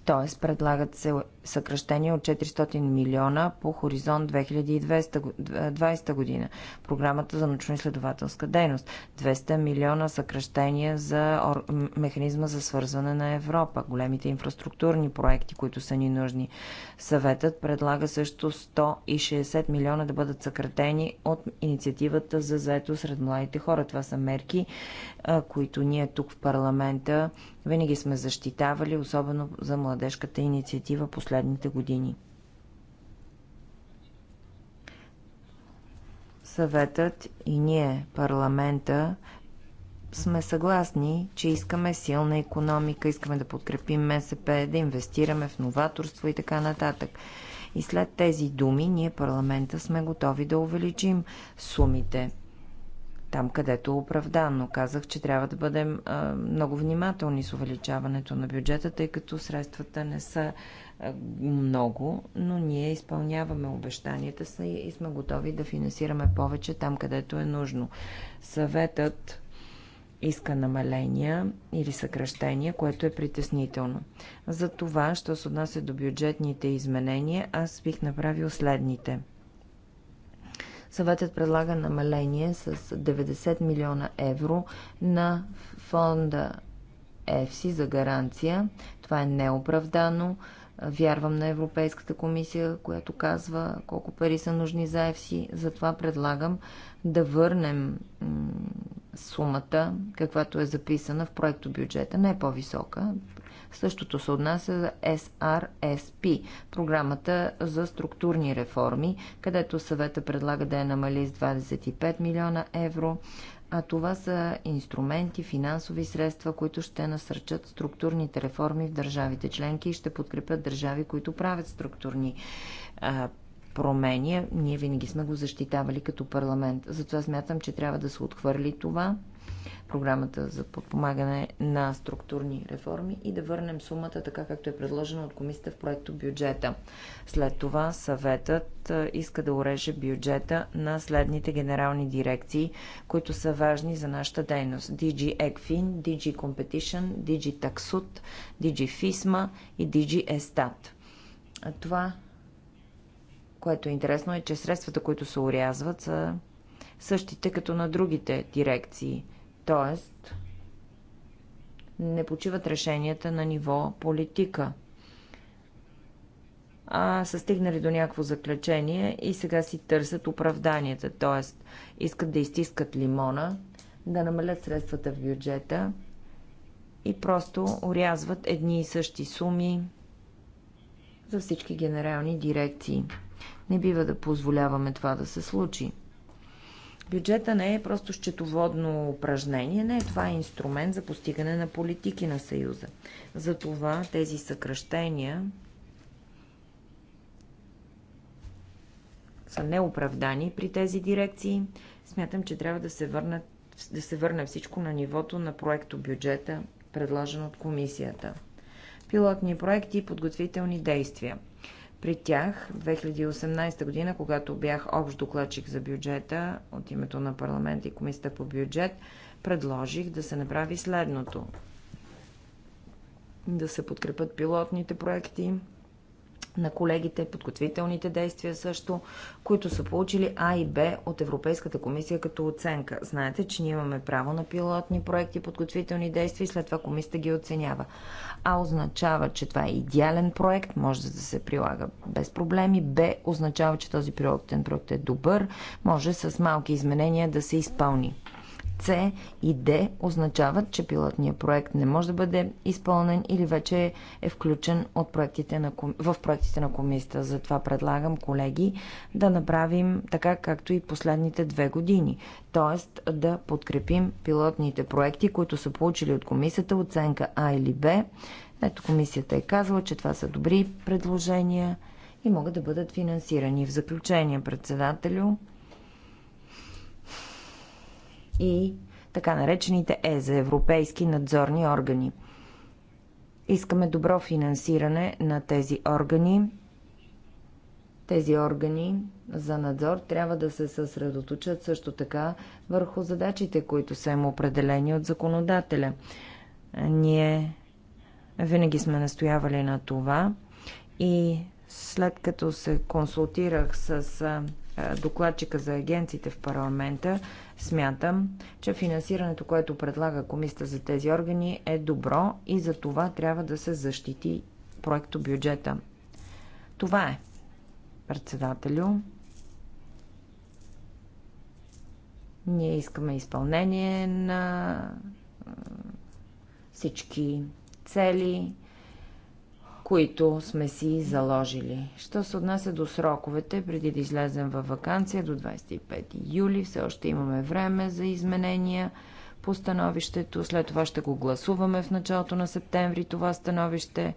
Тоест, предлагат се съкръщение от 400 милиона по Хоризонт 2020 година, програмата за научно-изследователска дейност, 200 милиона съкръщение за механизма за свързване на Европа, големите инфраструктурни проекти, които са ни нужни. Съветът предлага също 160 милиона да бъдат съкратени от инициативата за заето сред младите хора. Това са мерки, които ние тук в парламента винаги сме защитавали, особено за младежката инициатива последно последните години. Съветът и ние, парламента, сме съгласни, че искаме силна економика, искаме да подкрепим МСП, да инвестираме в новаторство и така нататък. И след тези думи, ние парламента сме готови да увеличим сумите. Там, където е оправдано. Казах, че трябва да бъдем а, много внимателни с увеличаването на бюджета, тъй като средствата не са много, но ние изпълняваме обещанията си и сме готови да финансираме повече там, където е нужно. Съветът иска намаления или съкръщения, което е притеснително. За това, що се отнася до бюджетните изменения, аз бих направил следните. Съветът предлага намаление с 90 милиона евро на фонда ЕФСИ за гаранция. Това е неоправдано. Вярвам на Европейската комисия, която казва колко пари са нужни за ЕФСИ. Затова предлагам да върнем сумата, каквато е записана в проекто бюджета, не е по-висока. Същото се отнася за SRSP, програмата за структурни реформи, където съвета предлага да я намали с 25 милиона евро, а това са инструменти, финансови средства, които ще насърчат структурните реформи в държавите членки и ще подкрепят държави, които правят структурни а, промени. Ние винаги сме го защитавали като парламент. Затова смятам, че трябва да се отхвърли това програмата за подпомагане на структурни реформи и да върнем сумата така, както е предложена от комисията в проекто бюджета. След това съветът е, иска да уреже бюджета на следните генерални дирекции, които са важни за нашата дейност. DG ECFIN, DG Competition, DG Taxut, DG FISMA и DG Estat. Това, което е интересно, е, че средствата, които се урязват, са същите като на другите дирекции – т.е. не почиват решенията на ниво политика. А са стигнали до някакво заключение и сега си търсят оправданията. т.е. искат да изтискат лимона, да намалят средствата в бюджета и просто орязват едни и същи суми за всички генерални дирекции. Не бива да позволяваме това да се случи. Бюджета не е просто счетоводно упражнение, не е това е инструмент за постигане на политики на Съюза. Затова тези съкръщения са неоправдани при тези дирекции. Смятам, че трябва да се, върнат, да се върне всичко на нивото на проекто бюджета, предложен от комисията. Пилотни проекти и подготвителни действия. При тях 2018 година, когато бях общ докладчик за бюджета от името на парламент и комисията по бюджет, предложих да се направи следното. Да се подкрепят пилотните проекти, на колегите, подготвителните действия също, които са получили А и Б от Европейската комисия като оценка. Знаете, че ние имаме право на пилотни проекти, подготвителни действия и след това комисията ги оценява. А означава, че това е идеален проект, може да се прилага без проблеми. Б означава, че този пилотен проект е добър, може с малки изменения да се изпълни. С и Д означават, че пилотният проект не може да бъде изпълнен или вече е включен от проектите на, в проектите на комисията. Затова предлагам, колеги, да направим така, както и последните две години. Тоест да подкрепим пилотните проекти, които са получили от комисията оценка А или Б. Ето комисията е казала, че това са добри предложения и могат да бъдат финансирани. В заключение, председателю, и така наречените ЕЗА, европейски надзорни органи. Искаме добро финансиране на тези органи. Тези органи за надзор трябва да се съсредоточат също така върху задачите, които са им определени от законодателя. Ние винаги сме настоявали на това и след като се консултирах с е, докладчика за агенциите в парламента, смятам, че финансирането, което предлага комисията за тези органи е добро и за това трябва да се защити проекто бюджета. Това е, председателю. Ние искаме изпълнение на е, всички цели, които сме си заложили. Що се отнася до сроковете, преди да излезем във вакансия до 25 юли, все още имаме време за изменения по становището. След това ще го гласуваме в началото на септември това становище.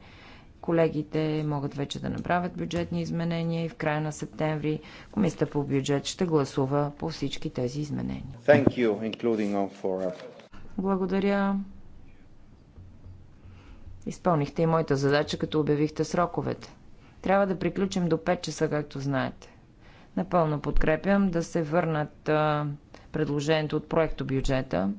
Колегите могат вече да направят бюджетни изменения и в края на септември Комисията по бюджет ще гласува по всички тези изменения. Thank you, Благодаря. Изпълнихте и моята задача, като обявихте сроковете. Трябва да приключим до 5 часа, както знаете. Напълно подкрепям да се върнат а, предложението от проекто бюджета,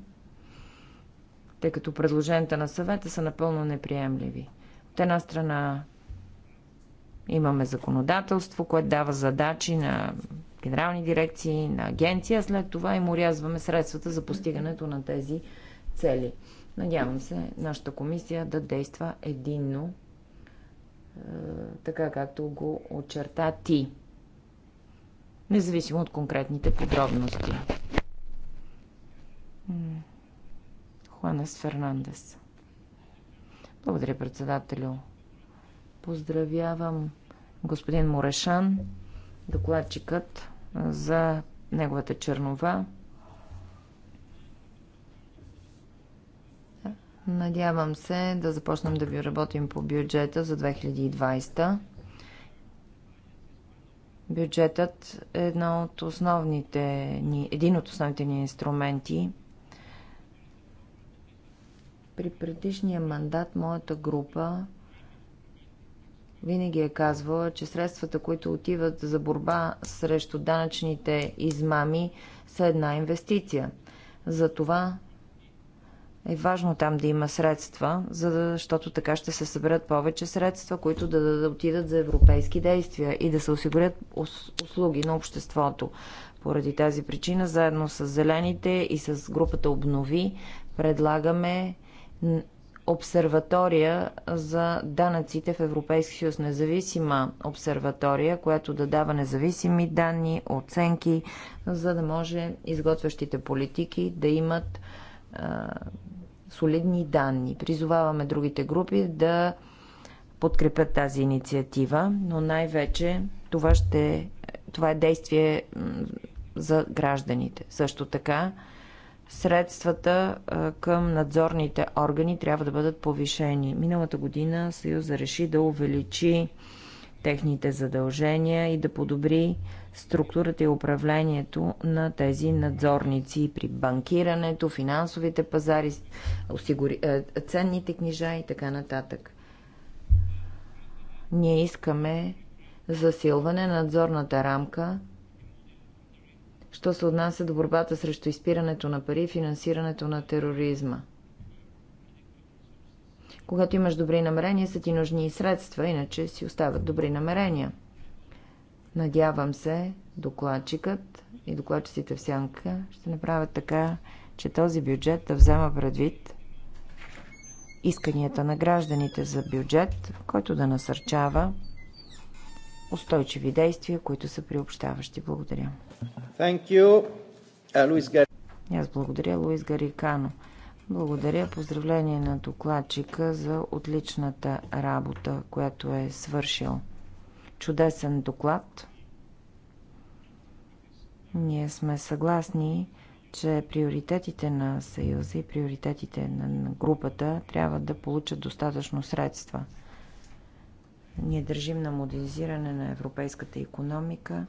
тъй като предложенията на съвета са напълно неприемливи. От една страна имаме законодателство, което дава задачи на генерални дирекции, на агенция, след това и морязваме средствата за постигането на тези цели. Надявам се нашата комисия да действа единно, е, така както го очерта ти, независимо от конкретните подробности. Хуанес Фернандес. Благодаря, председателю. Поздравявам господин Морешан, докладчикът за неговата чернова. Надявам се да започнем да ви работим по бюджета за 2020. Бюджетът е едно от основните ни, един от основните ни инструменти. При предишния мандат моята група винаги е казвала, че средствата, които отиват за борба срещу данъчните измами, са една инвестиция. Затова е важно там да има средства, защото така ще се съберат повече средства, които да, да, да отидат за европейски действия и да се осигурят услуги на обществото. Поради тази причина, заедно с Зелените и с групата Обнови, предлагаме обсерватория за данъците в Европейски съюз. Независима обсерватория, която да дава независими данни, оценки, за да може изготвящите политики да имат солидни данни. Призоваваме другите групи да подкрепят тази инициатива, но най-вече това, ще, това е действие за гражданите. Също така, средствата към надзорните органи трябва да бъдат повишени. Миналата година Съюза реши да увеличи техните задължения и да подобри структурата и управлението на тези надзорници при банкирането, финансовите пазари, осигури... Е, ценните книжа и така нататък. Ние искаме засилване на надзорната рамка, що се отнася до борбата срещу изпирането на пари и финансирането на тероризма – когато имаш добри намерения, са ти нужни и средства, иначе си остават добри намерения. Надявам се, докладчикът и докладчиците в сянка ще направят така, че този бюджет да взема предвид исканията на гражданите за бюджет, който да насърчава устойчиви действия, които са приобщаващи. Благодаря. Thank you. Uh, аз благодаря, Луис Гарикано. Благодаря. Поздравление на докладчика за отличната работа, която е свършил. Чудесен доклад. Ние сме съгласни, че приоритетите на Съюза и приоритетите на групата трябва да получат достатъчно средства. Ние държим на модернизиране на европейската економика,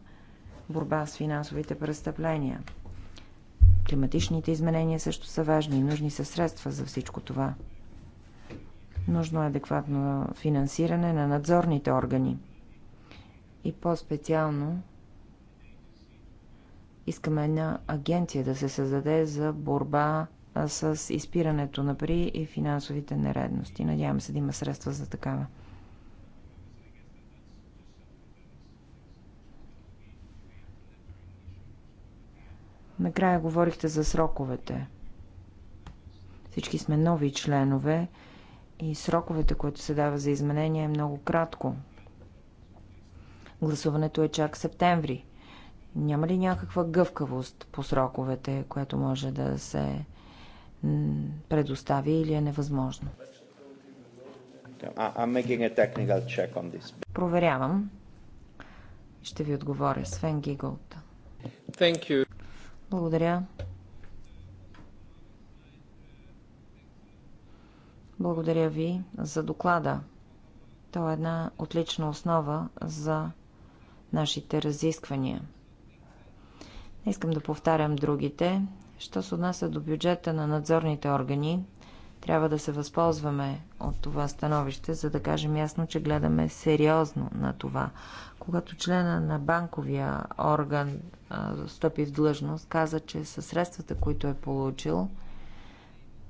борба с финансовите престъпления – Климатичните изменения също са важни и нужни са средства за всичко това. Нужно е адекватно финансиране на надзорните органи. И по-специално искаме една агенция да се създаде за борба с изпирането на пари и финансовите нередности. Надявам се да има средства за такава. Накрая говорихте за сроковете. Всички сме нови членове и сроковете, които се дава за изменение, е много кратко. Гласуването е чак септември. Няма ли някаква гъвкавост по сроковете, която може да се предостави или е невъзможно? Проверявам. Ще ви отговоря. Свен Гиголта. Благодаря. Благодаря ви за доклада. То е една отлична основа за нашите разисквания. Не искам да повтарям другите. Що се отнася до бюджета на надзорните органи, трябва да се възползваме от това становище, за да кажем ясно, че гледаме сериозно на това. Когато члена на банковия орган стъпи в длъжност, каза, че със средствата, които е получил,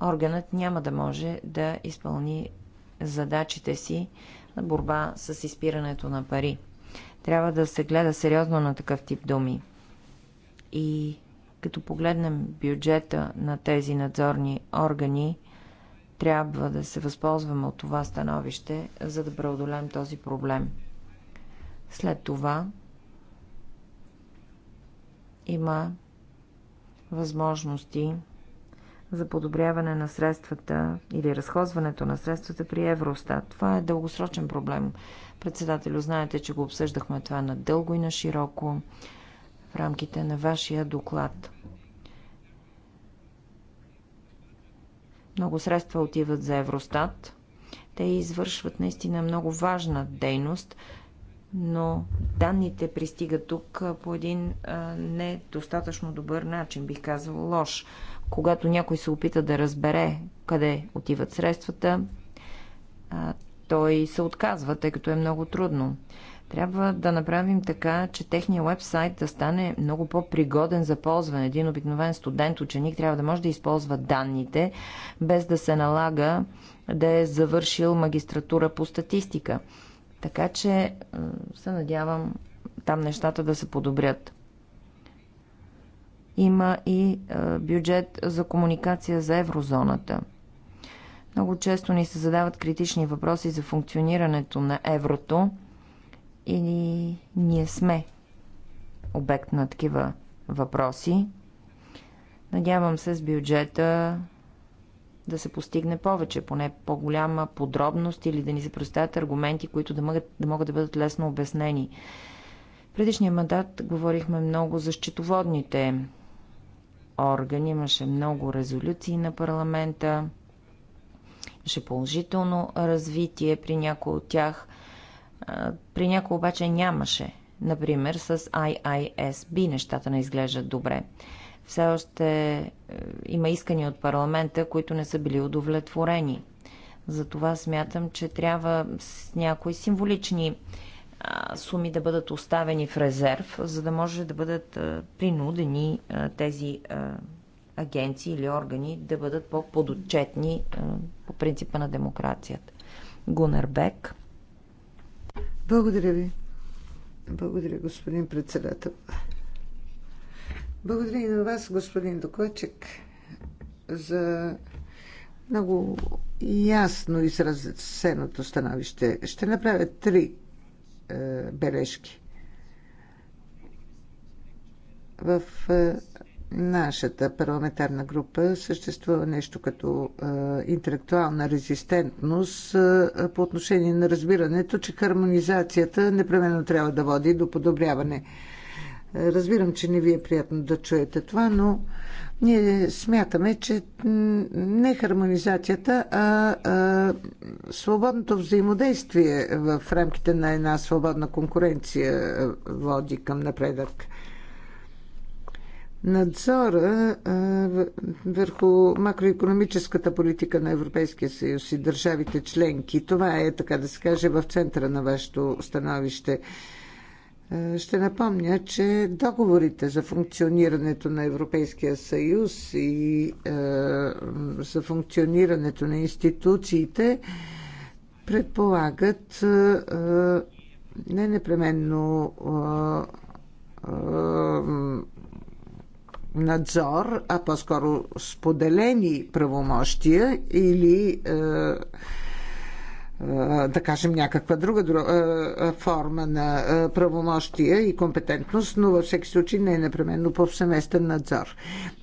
органът няма да може да изпълни задачите си на борба с изпирането на пари. Трябва да се гледа сериозно на такъв тип думи. И като погледнем бюджета на тези надзорни органи, трябва да се възползваме от това становище, за да преодолем този проблем. След това има възможности за подобряване на средствата или разхозването на средствата при Евростат. Това е дългосрочен проблем. Председателю, знаете, че го обсъждахме това надълго и на широко в рамките на вашия доклад. Много средства отиват за Евростат. Те извършват наистина много важна дейност, но данните пристигат тук по един недостатъчно добър начин, бих казал лош. Когато някой се опита да разбере къде отиват средствата, той се отказва, тъй като е много трудно. Трябва да направим така, че техния вебсайт да стане много по-пригоден за ползване. Един обикновен студент, ученик трябва да може да използва данните, без да се налага да е завършил магистратура по статистика. Така че е, се надявам там нещата да се подобрят. Има и е, бюджет за комуникация за еврозоната. Много често ни се задават критични въпроси за функционирането на еврото или ние сме обект на такива въпроси. Надявам се с бюджета да се постигне повече, поне по-голяма подробност или да ни се представят аргументи, които да могат да, могат да бъдат лесно обяснени. В предишния мандат говорихме много за счетоводните органи, имаше много резолюции на парламента, имаше положително развитие при някои от тях – при някои обаче нямаше. Например, с IISB нещата не изглеждат добре. Все още е, има искания от парламента, които не са били удовлетворени. Затова смятам, че трябва с някои символични суми да бъдат оставени в резерв, за да може да бъдат принудени тези агенции или органи да бъдат по-подотчетни по принципа на демокрацията. Гунербек. Благодаря ви. Благодаря, господин председател. Благодаря и на вас, господин докладчик, за много ясно изразеното становище. Ще направя три е, бележки. В е, нашата парламентарна група съществува нещо като а, интелектуална резистентност а, по отношение на разбирането, че хармонизацията непременно трябва да води до подобряване. Разбирам, че не ви е приятно да чуете това, но ние смятаме, че не хармонизацията, а, а свободното взаимодействие в рамките на една свободна конкуренция води към напредък надзора върху макроекономическата политика на Европейския съюз и държавите членки. Това е, така да се каже, в центъра на вашето становище. Ще напомня, че договорите за функционирането на Европейския съюз и за функционирането на институциите предполагат не непременно надзор, а по-скоро споделени правомощия или е, е, да кажем някаква друга, е, форма на правомощия и компетентност, но във всеки случай не е непременно повсеместен надзор.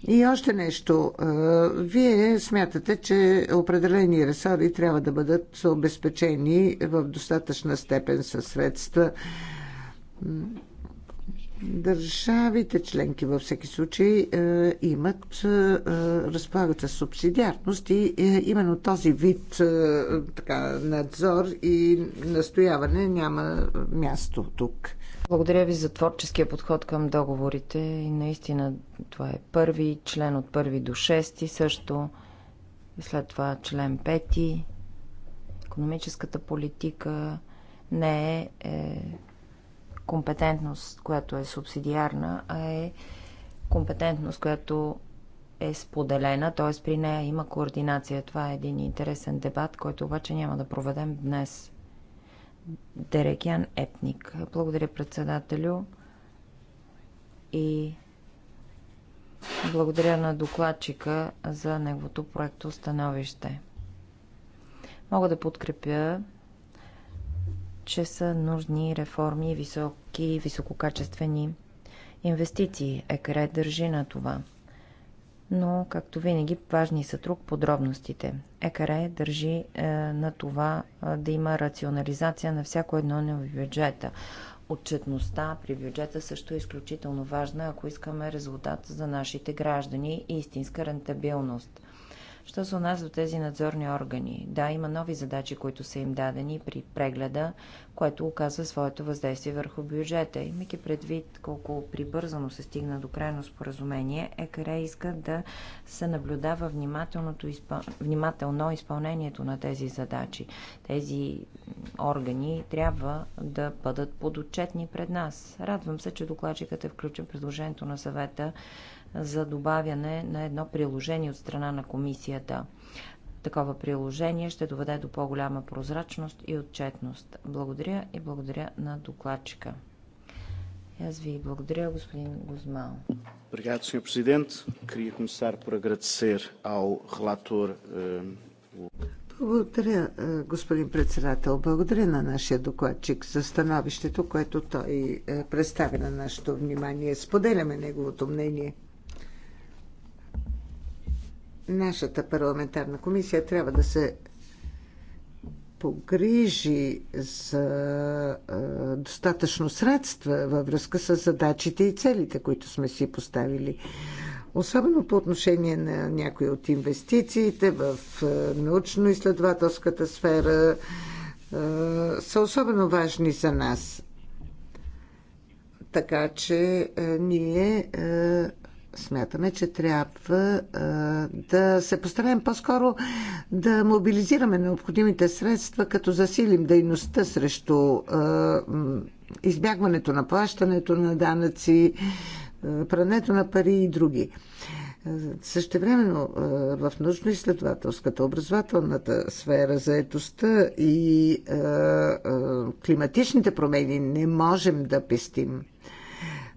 И още нещо. Вие смятате, че определени ресори трябва да бъдат обезпечени в достатъчна степен със средства. Държавите членки във всеки случай е, имат, е, разполагат с субсидиарност и е, именно този вид така, надзор и настояване няма място тук. Благодаря ви за творческия подход към договорите и наистина това е първи член от първи до шести също. след това член пети. Економическата политика не е, е компетентност, която е субсидиарна, а е компетентност, която е споделена, т.е. при нея има координация. Това е един интересен дебат, който обаче няма да проведем днес. Дерекян Епник. Благодаря председателю и благодаря на докладчика за неговото проекто становище. Мога да подкрепя че са нужни реформи и високи, висококачествени инвестиции. ЕКРЕ държи на това. Но, както винаги, важни са друг подробностите. ЕКРЕ държи е, на това е, да има рационализация на всяко едно на бюджета. Отчетността при бюджета също е изключително важна, ако искаме резултат за нашите граждани и истинска рентабилност. Що се нас до тези надзорни органи? Да, има нови задачи, които са им дадени при прегледа, което оказва своето въздействие върху бюджета. Имайки предвид колко прибързано се стигна до крайно споразумение, ЕКР иска да се наблюдава изпъл... внимателно изпълнението на тези задачи. Тези органи трябва да бъдат подотчетни пред нас. Радвам се, че докладчикът е включен предложението на съвета за добавяне на едно приложение от страна на комисията. Такова приложение ще доведе до по-голяма прозрачност и отчетност. Благодаря и благодаря на докладчика. Аз ви благодаря, господин Гузмал. Obrigado, Sr. Presidente. Queria começar por agradecer ao relator. Eh, благодаря, е, господин председател. Благодаря на нашия докладчик за становището, което той е, представи на нашето внимание. Споделяме неговото мнение нашата парламентарна комисия трябва да се погрижи за достатъчно средства във връзка с задачите и целите, които сме си поставили. Особено по отношение на някои от инвестициите в научно-изследователската сфера са особено важни за нас. Така че ние смятаме, че трябва а, да се постараем по-скоро да мобилизираме необходимите средства, като засилим дейността срещу а, избягването на плащането на данъци, прането на пари и други. Същевременно в научно-изследователската, образователната сфера, заетостта и а, климатичните промени не можем да пестим.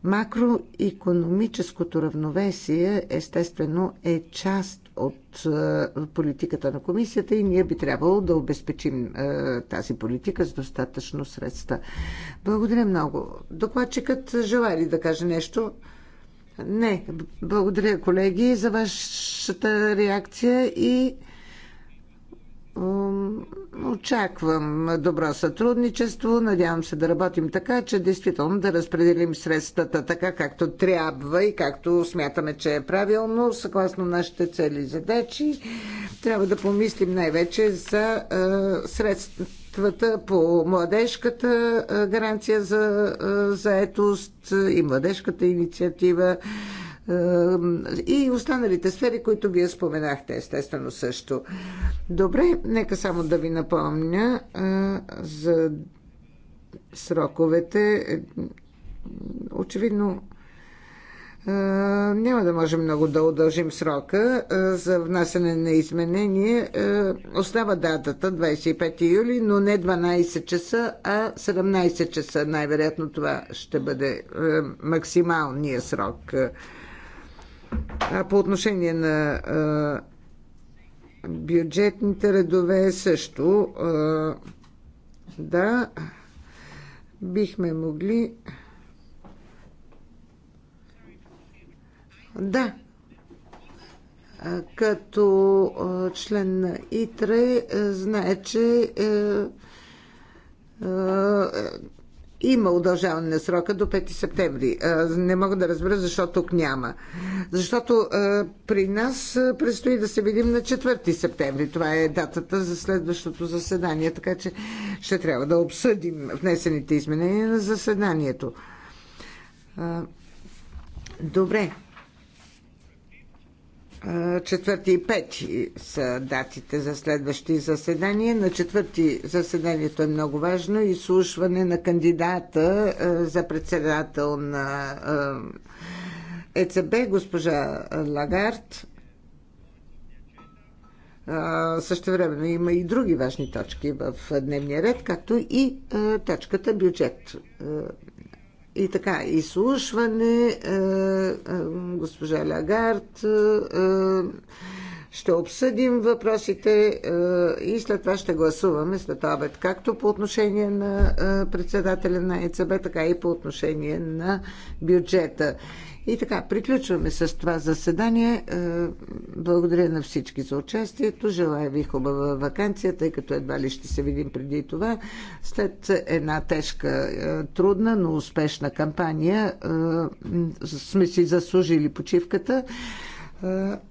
Макроекономическото равновесие естествено е част от е, политиката на комисията и ние би трябвало да обезпечим е, тази политика с достатъчно средства. Благодаря много. Докладчикът желая ли да каже нещо? Не. Благодаря, колеги, за вашата реакция и Очаквам добро сътрудничество. Надявам се да работим така, че действително да разпределим средствата така, както трябва и както смятаме, че е правилно, съгласно нашите цели и задачи. Трябва да помислим най-вече за е, средствата по младежката гаранция за заетост и младежката инициатива. Е, е, и останалите сфери, които вие споменахте, естествено също. Добре, нека само да ви напомня е, за сроковете. Очевидно, е, няма да можем много да удължим срока за внасяне на изменение. Остава датата 25 юли, но не 12 часа, а 17 часа. Най-вероятно това ще бъде максималния срок. По отношение на бюджетните редове също да бихме могли да като член на ИТРЕ знае, че е, е, има удължаване на срока до 5 септември. Не мога да разбера защо тук няма. Защото при нас предстои да се видим на 4 септември. Това е датата за следващото заседание, така че ще трябва да обсъдим внесените изменения на заседанието. Добре. Четвърти и пети са датите за следващи заседания. На четвърти заседанието е много важно и слушване на кандидата за председател на ЕЦБ, госпожа Лагард. Също време има и други важни точки в дневния ред, както и точката бюджет и така, изслушване, е, е, госпожа Лагард, е, ще обсъдим въпросите и след това ще гласуваме след обед, както по отношение на председателя на ЕЦБ, така и по отношение на бюджета. И така, приключваме с това заседание. Е, благодаря на всички за участието. Желая ви хубава вакансия, тъй като едва ли ще се видим преди това. След една тежка, е, трудна, но успешна кампания е, сме си заслужили почивката.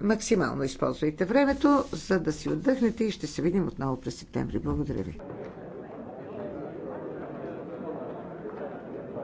Максимално използвайте времето, за да си отдъхнете и ще се видим отново през септември. Благодаря ви.